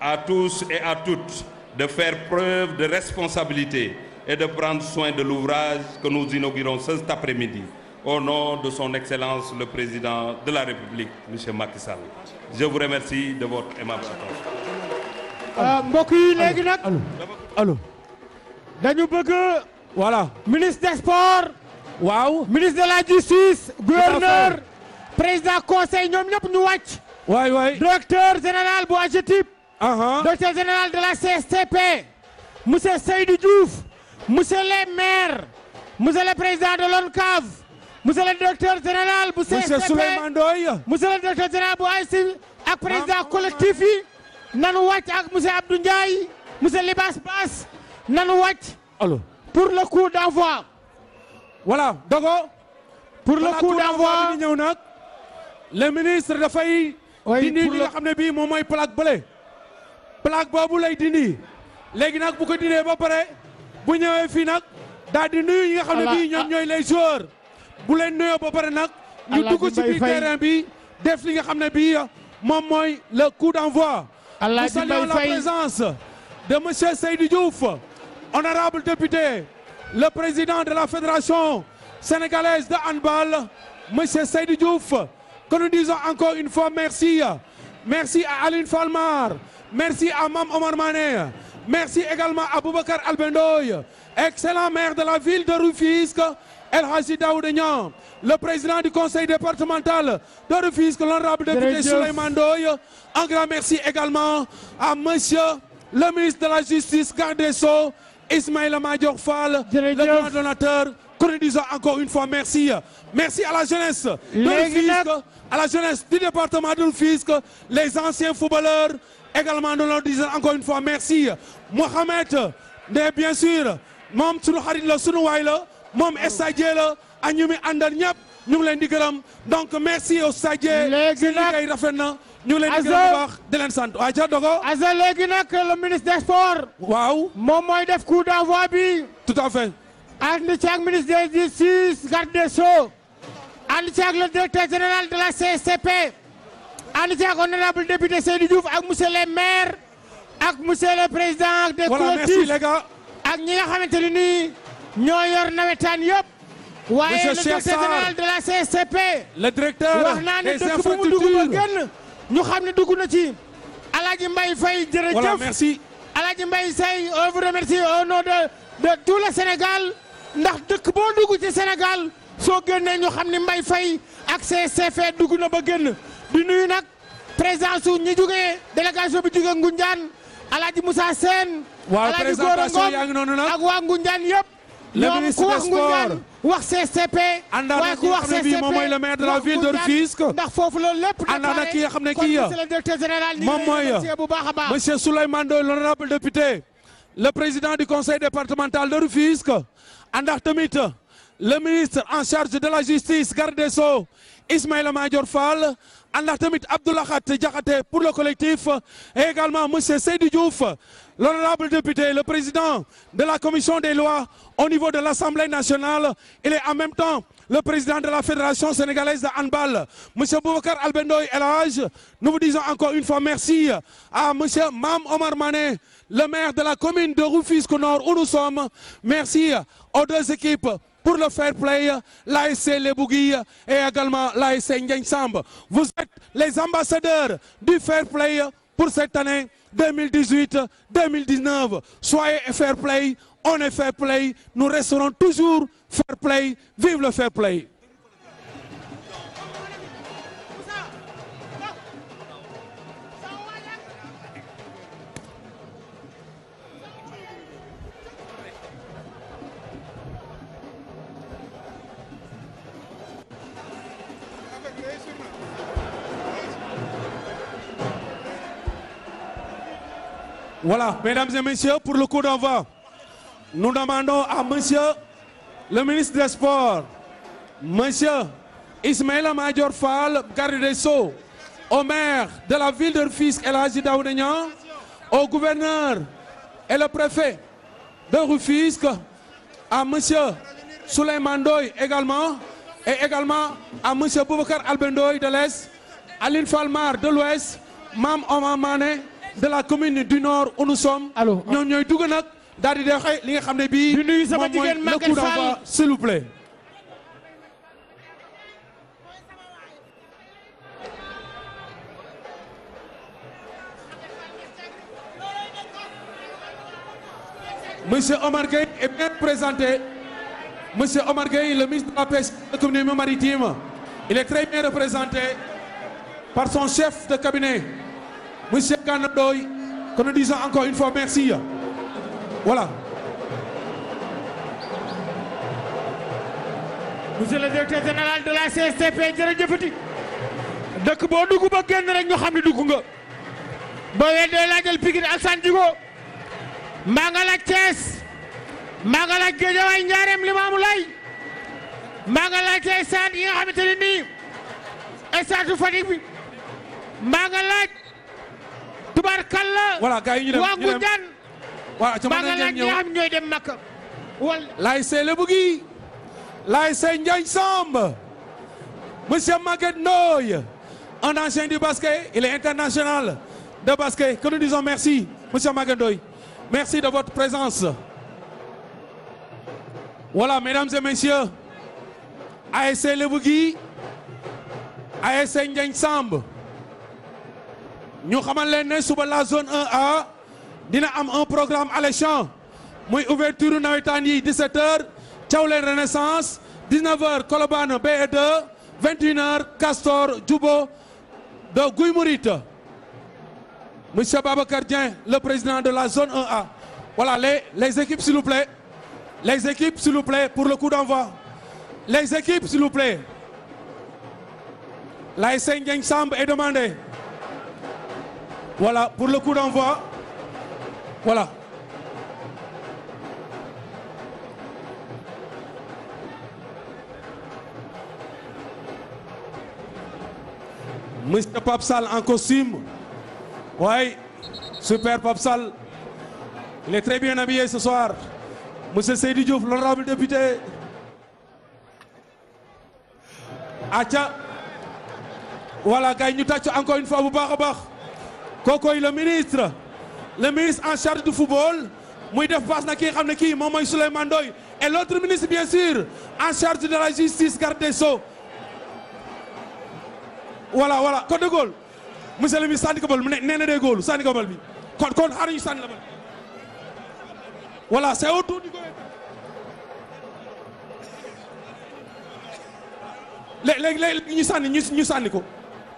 à tous et à toutes de faire preuve de responsabilité et de prendre soin de l'ouvrage que nous inaugurons cet après-midi. Au nom de son Excellence le Président de la République, M. Macky Sall. Je vous remercie de votre aimable attention. Euh, mbokk yi léegi nag. allo allo. ministre des waaw ministre de la justice gouverneur président conseil ñoom ñëpp ñu wàcc waay général bu AGETIP directeur général de la CSTP monsieur Seydou Diouf monsieur le maire monsieur le président de l'ONCAV monsieur le directeur général bu CSTP monsieur Souleymane Ndoye monsieur le directeur général bu AICIL ak président collectif yi nanu wàcc ak monsieur Abdou Ndiaye monsieur Libas Bass nanu wàcc alors pour le coup d'envoi voilà Dogo pour le coup d'envoi ñëw nag le ministre dafay dindi li nga xam ne bii moom mooy plaque bële plaque boobu lay dindi léegi nag bu ko dindee ba pare bu ñëwee fii nag daal di nuyu ñi nga xam ne bii ñoom ñooy les joueurs bu ba pare nag ñu bi def li nga xam ne bii moom mooy le coup d'envoi nous saluons la présence de monsieur Seydou Diouf honorable député le président de la Fédération sénégalaise de handball, M. Seydou que nous disons encore une fois merci. à Aline Falmar, merci à Mam Omar Mané, merci également à Boubacar Albendoy, excellent maire de la ville de Rufisque, El Haji Daoudegnan, le président du conseil départemental de Rufisque, l'honorable député Souleymane Doy. Un grand merci également à monsieur le ministre de la Justice, Gardesso, Ismaïla Madior Fall le grand donateur que nous disons encore une fois merci merci à la jeunesse de Rufisque à la jeunesse du département de Rufisque les anciens footballeurs également nous leur disons encore une fois merci Mohamed mais bien sûr moom sunu xarit la sunu waay la moom stagiaire la ak ñu mi àndal ñëpp ñu ngi leen di gërëm donc merci aux stagiaires léegi rafet na ñu ngi leen di gërëm bu baax di leen sant waaye ca dogo. Azza léegi nag le ministre des sports. waaw moom mooy def coup d'envoi bi. tout à fait. ànd ak ministre des justice garde des sceaux. ànd ci de la CSCP. ànd ci ak honorable député Seydou Diouf ak monsieur le maire. ak monsieur le président ak ñi nga xamante ne nii ñoo yor nawetaan yëpp. waaye le directeur général de la CSCP. le directeur wax naa dëkk bu mu dugg ba génn. ñu xam ne dugg na ci Alaaji mbay fay jërëjëf voilà merci Alaaji Mbaye Faye on vous remercie de de tout ndax dëkk boo dugg ci Sénégal soo génnee ñu xam ne mbay fay ak CCF dugg na ba génn di nuyu nag présence su ñi jugee délégation bi jugee Ngunjaan Alaaji Moussa Sène waaw présentation yaa noonu nag ak waa Ngunjaan yëpp le ministre des sports wax CCP. waaye moom mooy le de la ville de Rufisque. ndax foofu loolu lépp ki nga xam ne kii moom mooy monsieur Souleymane Ndoye l'honorable député. le président du conseil départemental de Rufisque. àndax tamit le ministre en charge de la justice garde so Sceaux Ismaïla Madior Fall. àndax tamit Abdoulahat Diakhaté pour le collectif. et également monsieur Seydou L'honorable député, le président de la commission des lois au niveau de l'Assemblée nationale, il est en même temps le président de la Fédération sénégalaise de handball, Monsieur Boubacar Albendoy Elage. Nous vous disons encore une fois merci à Monsieur Mam Omar Mané, le maire de la commune de Rufisque Nord où nous sommes. Merci aux deux équipes pour le fair play, l'ASC Les Bouguilles et également l'ASC Ndiagne Samb. Vous êtes les ambassadeurs du fair pour cette 2018, 2019. Soyez fair play, on est fair play, nous resterons toujours fair play, vive le fair play. Voilà, mesdames et messieurs, pour le coup d'envoi, nous demandons à monsieur le ministre des Sports, monsieur Ismaïla Madior Fall, garde des Sceaux, au maire de la ville de Rufisque, El Hadji Daouda Niang, au gouverneur et le préfet de Rufisque, à monsieur Souleymane également, et également à monsieur Boubacar Albendoy de l'Est, Aline Falmar de l'Ouest, Mam Omar Mané de la commune du Nord où ñoom ah. ñooy dugg nag daal di doxee li nga xam ne bii. di nuyu sama jigéen Maguette Fall s'il vous plaît. Monsieur Omar Gueye est bien présenté. Monsieur Omar Gueye, le ministre de la de l'économie maritime, il est représenté par son chef de cabinet. Monsieur Kanadoy, que nous disons encore une fois merci. Voilà. Monsieur le directeur général de la CSTP, jërëjëfati dëkk boo dugg ba génn rek ñu xam ne dugg nga. boo weddee laajal Pikine Alassane Djigo mbaa nga laaj Thiès mbaa nga laaj Guédiawaye Ndiarème Limamou Laye mbaa nga laaj stade yi nga xamante ne nii stade Fatick bi mbaa nga laaj. tubaarkalla. voilà gars yi ñu dem waa Ngoundiane. voilà ca mën nañu dem Makka. wala laay see bugi laay see Ndiaye Samb monsieur Maguette Ndoye un du basket il est international de basket que nous disons merci monsieur Maguette merci de votre présence. voilà mesdames et messieurs ASC Lebougui ASC Ndiagne Samb ñu xamal leen ne suba la zone en a dina am un programme alléchant muy ouverture nawetaan yi 17h Thiawlène Renaissance 19h Colobane BE2 21h Castor Dioubo de Guy Mouride monsieur Babacar Dieng le président de la zone 1A voilà les les équipes s'il vous plaît les équipes s'il vous plaît pour le coup d'envoi les équipes s'il vous plaît l'ASC Ndiagne Samb est demandé Voilà, pour le coup d'envoi. Voilà. Monsieur Papsal en costume. Oui, super Papsal. Il est très bien habillé ce soir. Monsieur Seydou Diouf, l'honorable député. Acha. Voilà, gagne encore une fois, vous barre, baax kookooy le ministre le ministre en charge du football muy def passe na kii nga xam ne kii moom mooy Souleymane Ndoye et l'autre ministre bien sûr en charge de la justice garde des Sceaux voilà voilà code de Gaulle monsieur le ministre sànni ko bal mu ne nee na dee góolu ko bal bi kon kon xaaruñu sànni la bal voilà c'est autour du léegi léegi ñu sànni ñu sànni ko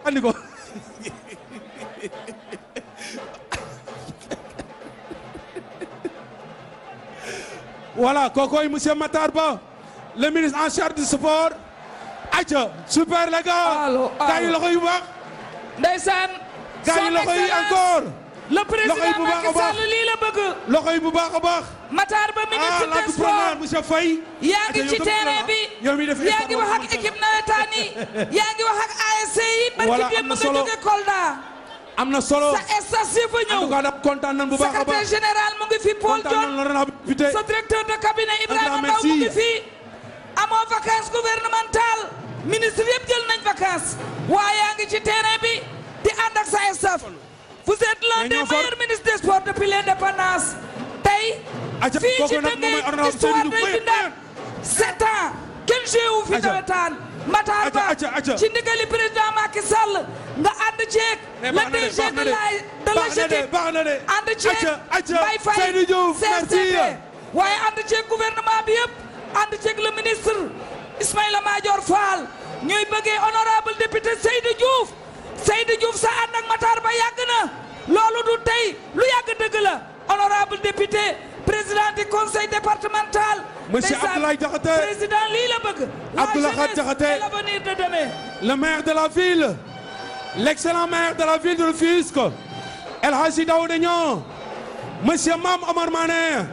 sànni ko [LAUGHS] voilà kookooy monsieur Matar Ba le ministre en charge du sport. acca super les gars. loxo yu ba ndeysaan. gars yi loxo yi encore. le président loxo yi bu baax a Ba ministre ah, des sports monsieur Faye. yaa ngi ci terrain [LAUGHS] yaa ngi wax ak équipe nawetaan yi. yaa ngi wax ak ASC yi. voilà am na solo barki démb nga jóge am na solo sa eh, station bu ñëw en kontaan nañu bu a baax secrétaire général mu ngi fi Paul John sa directeur de cabinet Ibrahima Ndaw mu ngi fi amoo vacance gouvernementale ministre yëpp jël nañ vacance waaye yaa ngi ci terrain bi di ànd sa staff vous êtes l'un des meilleurs ministres des sports depuis l'indépendance tey fii ci Tëngéej histoire day bindaan sept ans kenn joué fi nawetaan Matar Ba ci ndigali président Macky Sall nga ànd ceeg la DG de la de la GTIP ànd ceeg Mbaye Faye CCT waaye ànd ceeg gouvernement bi yëpp ànd ceeg le ministre Ismaïla Madior Fall ñuy bëggee honorable sa ànd ak Ba yàgg loolu du tey lu yàgg dëgg la honorable député président du monsieur Abdoulaye Diakhaté président lii la bëgg. Abdoulaye Diakhaté l'avenir de demain. le maire de la ville. l'excellent maire de la ville de Rufisque. El Hadji Daouda Niang. monsieur Mame Omar Mané.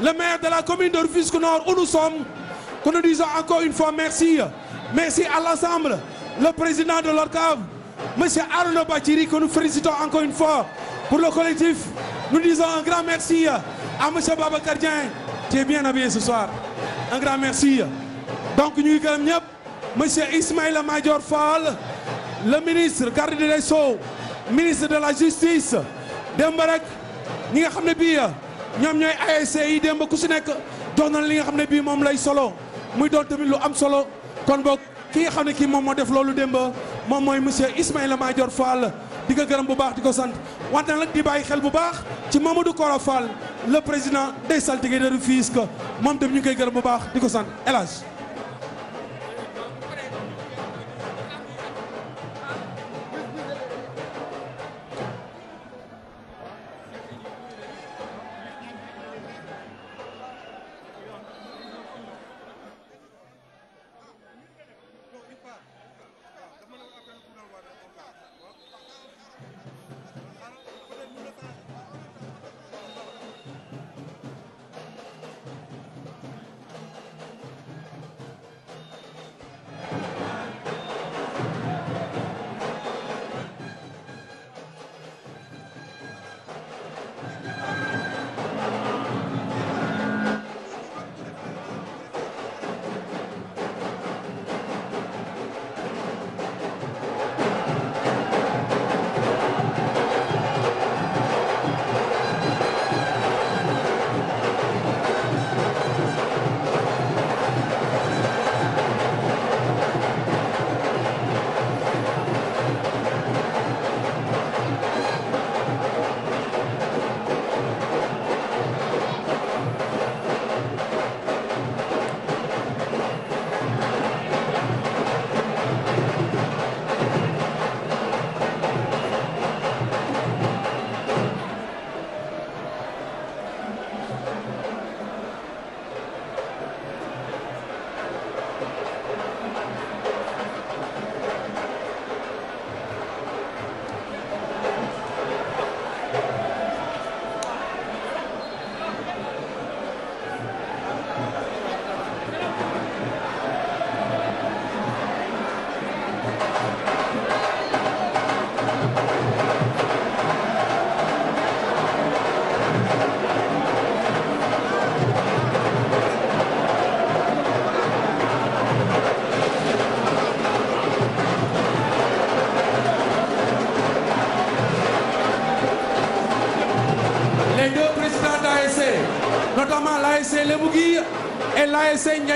le maire de la commune de Rufisque Nord où nous que nous disons encore une fois merci. à l'ensemble. le président de l'ORCAV. monsieur Arouna Bathily que nous félicitons encore une fois. pour le collectif. nous disons un grand merci à monsieur Babacar Dieng. Tu es a habillé ce soir. Un grand merci. Donc ñuy gërëm ñëpp monsieur Ismaïla Madior Fall le ministre garde des soow ministre de la justice démb rek ñi nga xam ne bii ñoom ñooy ASC yi démb ku si nekk jox na li nga xam ne bii moom lay solo muy doon tamit lu am solo kon boog ki nga xam ne kii moom moo def loolu démb moom mooy monsieur Ismaïla Madior Fall. di ko gërëm bu baax di ko sant wante nag di bàyyi xel bu baax ci Mamadou Koro Fall le président des saltigués de Rufisque moom tam ñu ngi koy gërëm bu baax di ko sant El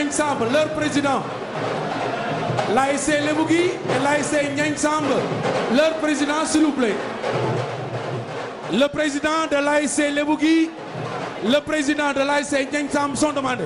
Niang leur président l'ASC Lebougui et l'ASC Niang Samb leur président s'il vous plaît le président de l'ASC Lebougui le président de l'ASC Niang Samb sont demandés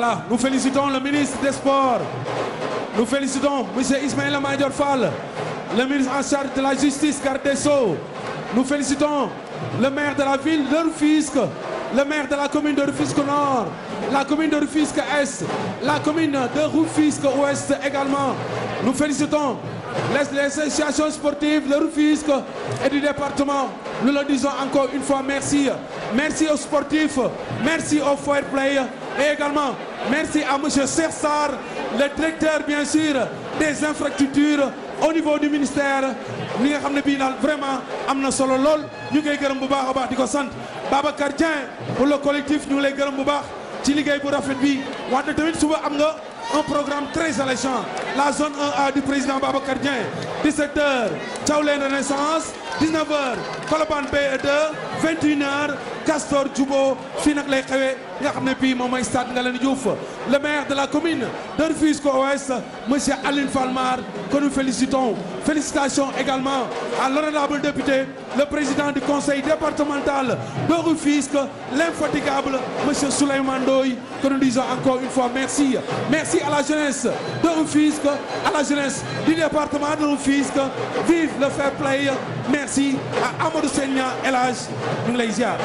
Voilà, nous félicitons le ministre des Sports. Nous félicitons monsieur Ismaïla Madior Fall, le ministre en charge de la justice garde des Sceaux. Nous félicitons le maire de la ville de Rufisque, le maire de la commune de Rufisque Nord, la commune de Rufisque Est, la commune de Rufisque Ouest également. Nous félicitons les associations sportives de Rufisque et du département. Nous le disons encore une fois merci. Merci aux sportifs, merci au fair play et également Merci à Monsieur Sersar, le directeur bien sûr des infrastructures au niveau du ministère li nga xam ne bii daal vraiment am na solo lool ñu ngi gërëm bu baax a baax di ko sant Babacar Dieng pour le collectif ñu ngi lay gërëm bu baax ci liggéey bu rafet bi wante tamit suba am nga un programme très alléchant la zone 1A du président Babacar Dieng 17h Thiawlène Renaissance 19h Colobane BE2 21h Castor Dioubo fii nag lay xewee. nga xam ne bii moom mooy stade Ngalandou Diouf le maire de la commune de Rufisque Ouest monsieur ali Fall Mar que nous félicitons félicitations également à l'honorable député le président du conseil départemental de Rufisque l'infatigable monsieur Souleymane Ndoye que nous disons encore une fois merci merci à la jeunesse de Rufisque à la jeunesse du département de Rufisque vive le fair play merci à Amadou Senia El Hadj ñu ngi lay ziar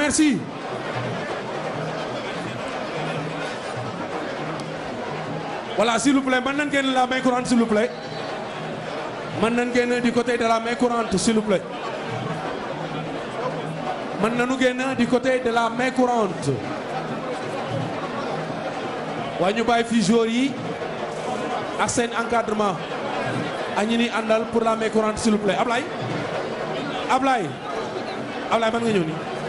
merci. voilà s'il vous plaît mën nañ génn la main courante s'il vous plaît. mën nan génn du côté de la main courante s'il vous plaît. mën nañu génn du côté de la main courante. waaye ñu bàyyi fii joueurs yi ak seen encadrement ak ñi ni àndal pour la main courante s'il vous plaît Ablaye Ablaye Ablaye nga ñëw nii.